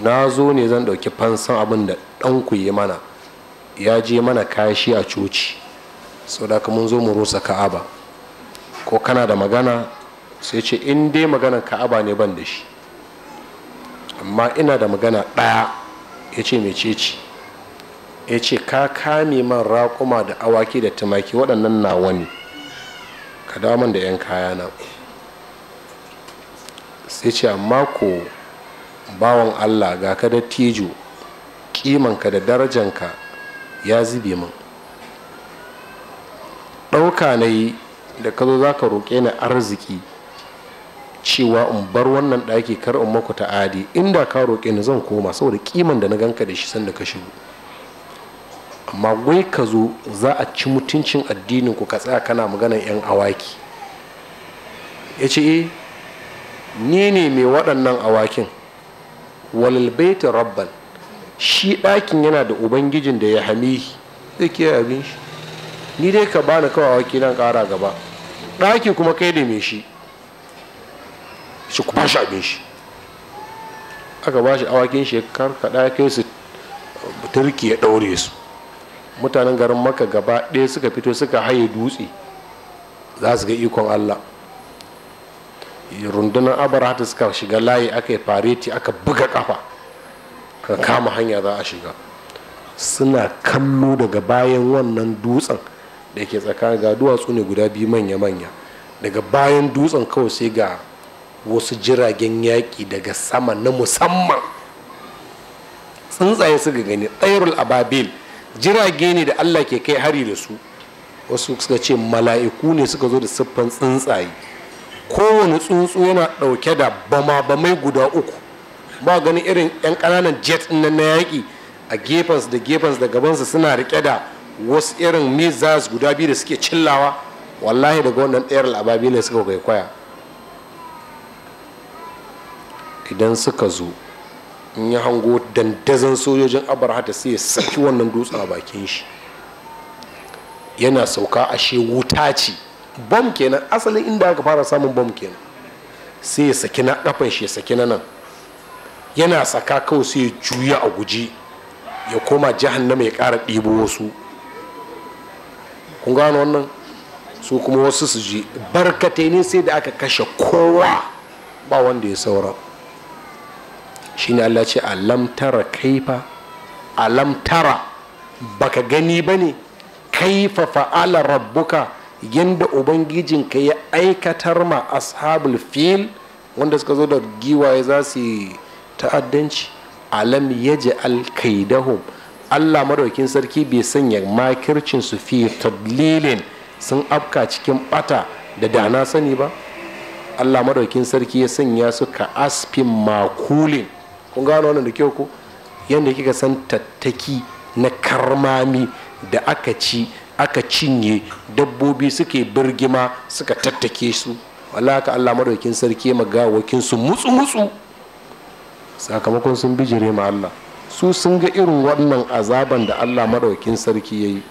na zo ne zan ɗauki fansan abin da ɗanku yi mana ya je mana kashi a coci sau da mun zo mu rusa ka'aba ko kana da magana sai ce in dai maganar ka'aba ne ban da shi amma ina da magana ɗaya ya ce mecece ya ce ka kame man raƙuma da awaki da tumaki waɗannan na wani ka daman da 'yan kayana sai ce amma ko bawan allah ga ka da tijo kimanka da darajanka ya zube min ɗauka na yi da ka zo za ka roƙe ni arziki cewa in bar wannan ɗaki kar in maku ta adi inda ka roƙe ni zan koma saboda ƙiman da na ganka da shi sanda ka shigo amma gwai ka zo za a ci mutuncin addinin ku ka tsaya kana magana 'yan awaki ya ce eh, ni ne mai waɗannan awakin walil rabban shi ɗakin yana da ubangijin da ya hami zai kiyaye abin shi ni dai ka bani kawai nan ƙara gaba ɗakin kuma kai da me shi shi ku shi abin shi aka ba shi awakin shi karkaɗa kai su turki ya ɗaure su mutanen garin maka gaba ɗaya suka fito suka haye dutse za su ga ikon allah rundunar abarata suka shiga layi aka yi fareti aka buga kafa ka kama hanya za a shiga suna kallo daga bayan wannan dutsen da ke tsakanin ga duwatsu ne guda biyu manya-manya daga bayan dutsen kawai sai ga wasu jiragen yaƙi daga sama na musamman tsuntsaye suka gani tsayarul ababil jirage ne da allah ke kai hari da su wasu suka ce mala'iku ne suka zo da siffan tsuntsaye kowane tsuntsu yana ɗauke da bama-bamai guda uku ba ganin irin 'yan kananan jet na na yaƙi a gefansu da gefansu da gabansu suna rike da wasu irin mizas guda biyu da suke cillawa wallahi daga wannan ɗayar lababi ne suka kwaikwaya idan suka zo in ya hango dandazan sojojin abarhata sai ya saki wannan dutsen a bakin shi yana sauka ashe wuta ce bom kenan asalin inda aka fara samun bom kenan sai ya saki na kafan shi ya saki na nan yana saka kawai sai ya juya a guji ya koma na mai ƙara ɗibo wasu kun gano wannan su kuma wasu su ji barkatai ne sai da aka kashe kowa ba wanda ya saura shine Allah ce alamtara kaifa alamtara tara baka gani ba ne kaifa fa'ala rabbuka ubangijin ka ya aikatar ma ashabul fil wanda suka zo da giwaye za su yi ta'addanci alam yaji alkaidahum allah madaukin sarki bai sanya makircin su fi tadlilin sun afka cikin bata da dana sani ba allah madaukin sarki ya sanya su ka aspin makulin kun gano wannan da kyau ko yadda kika san tattaki na karmami da aka ci aka cinye dabbobi suke birgima suka tattake su wala ka allah madaukin sarki ya magawakin su mutsu mutsu sakamakon sun bijire ma Allah su sun ga irin wannan azaban da Allah maɗaukin sarki ya yi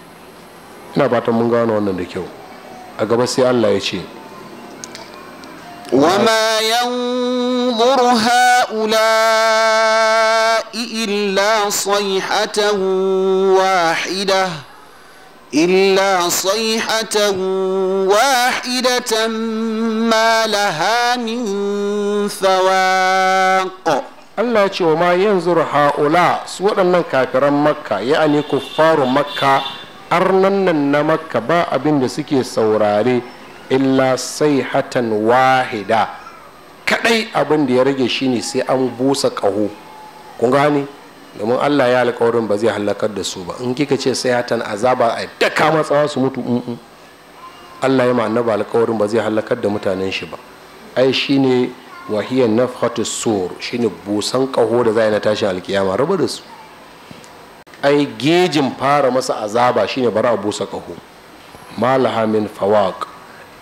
ina fatan mun gano wannan da kyau a gaba sai Allah ya ce وما ينظر هؤلاء إلا صيحة واحدة إلا صيحة واحدة ما لها من فواق Allah ce wa ma yanzu ha'ula su waɗannan kafiran makka ya ani kuffaru makka arnan nan na makka ba abin da suke saurare illa sai hatan wahida Kaɗai abin da ya rage shine sai an busa ƙaho kun gane domin Allah ya alƙawarin ba zai halakar da su ba in kika ce sai hatan azaba a daka matsawa su mutu Allah ya ma annaba alƙawarin ba zai halakar da mutanen shi ba ai shine wa hiya nafhatu sur shine busan kaho da zai na tashi alkiyama rabu da su ai gejin fara masa azaba shine bari a busa kaho malaha min fawaq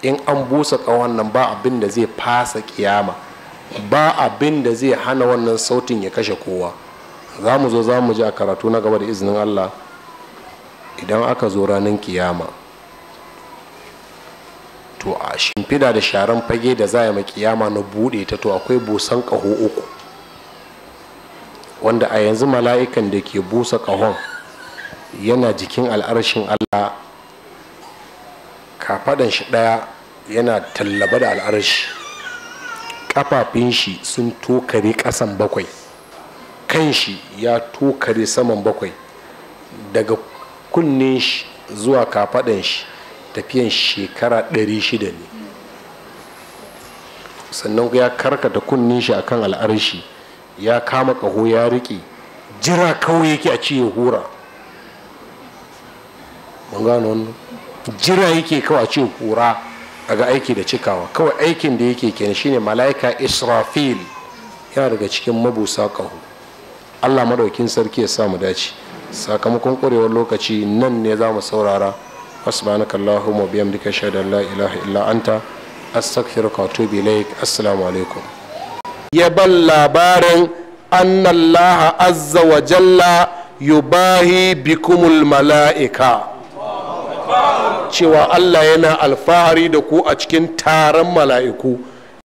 in an busa kawon nan ba abin da zai fasa kiyama ba abin da zai hana wannan sautin ya kashe kowa za mu zo za mu ji a karatu na gaba da izinin allah idan aka zo ranar kiyama to a shimfida da sharan fage da za a ma kiyama na buɗe ta to akwai busan ƙaho uku wanda a yanzu mala'ikan da ke busa ƙahon yana jikin al'arshin allah kafaɗan shi ɗaya yana tallaba da al'arshi ƙafafin shi sun tokare ƙasan bakwai kan shi ya tokare saman bakwai daga kunnen shi zuwa kafaɗan shi tafiyan shekara 600 ne sannan ya karkata kunnin shi akan al'arshi ya kama kaho ya riƙe jira kawai yake a ce kura hura mun gano wannan jira yake kawai a ce hura daga aiki da cikawa kawai aikin da yake kenan shine mala'ika israfil yana daga cikin mabusa kaho allah madaukin sarki ya sa mu dace sakamakon ƙwarewar lokaci nan ne za mu saurara subhanaka allahumma bihamdika ashhadu an la ilaha illa ya ban labarin annallaha azza wa jalla yubahi bikumul mala'ika cewa allah yana alfahari da ku a cikin taron mala'iku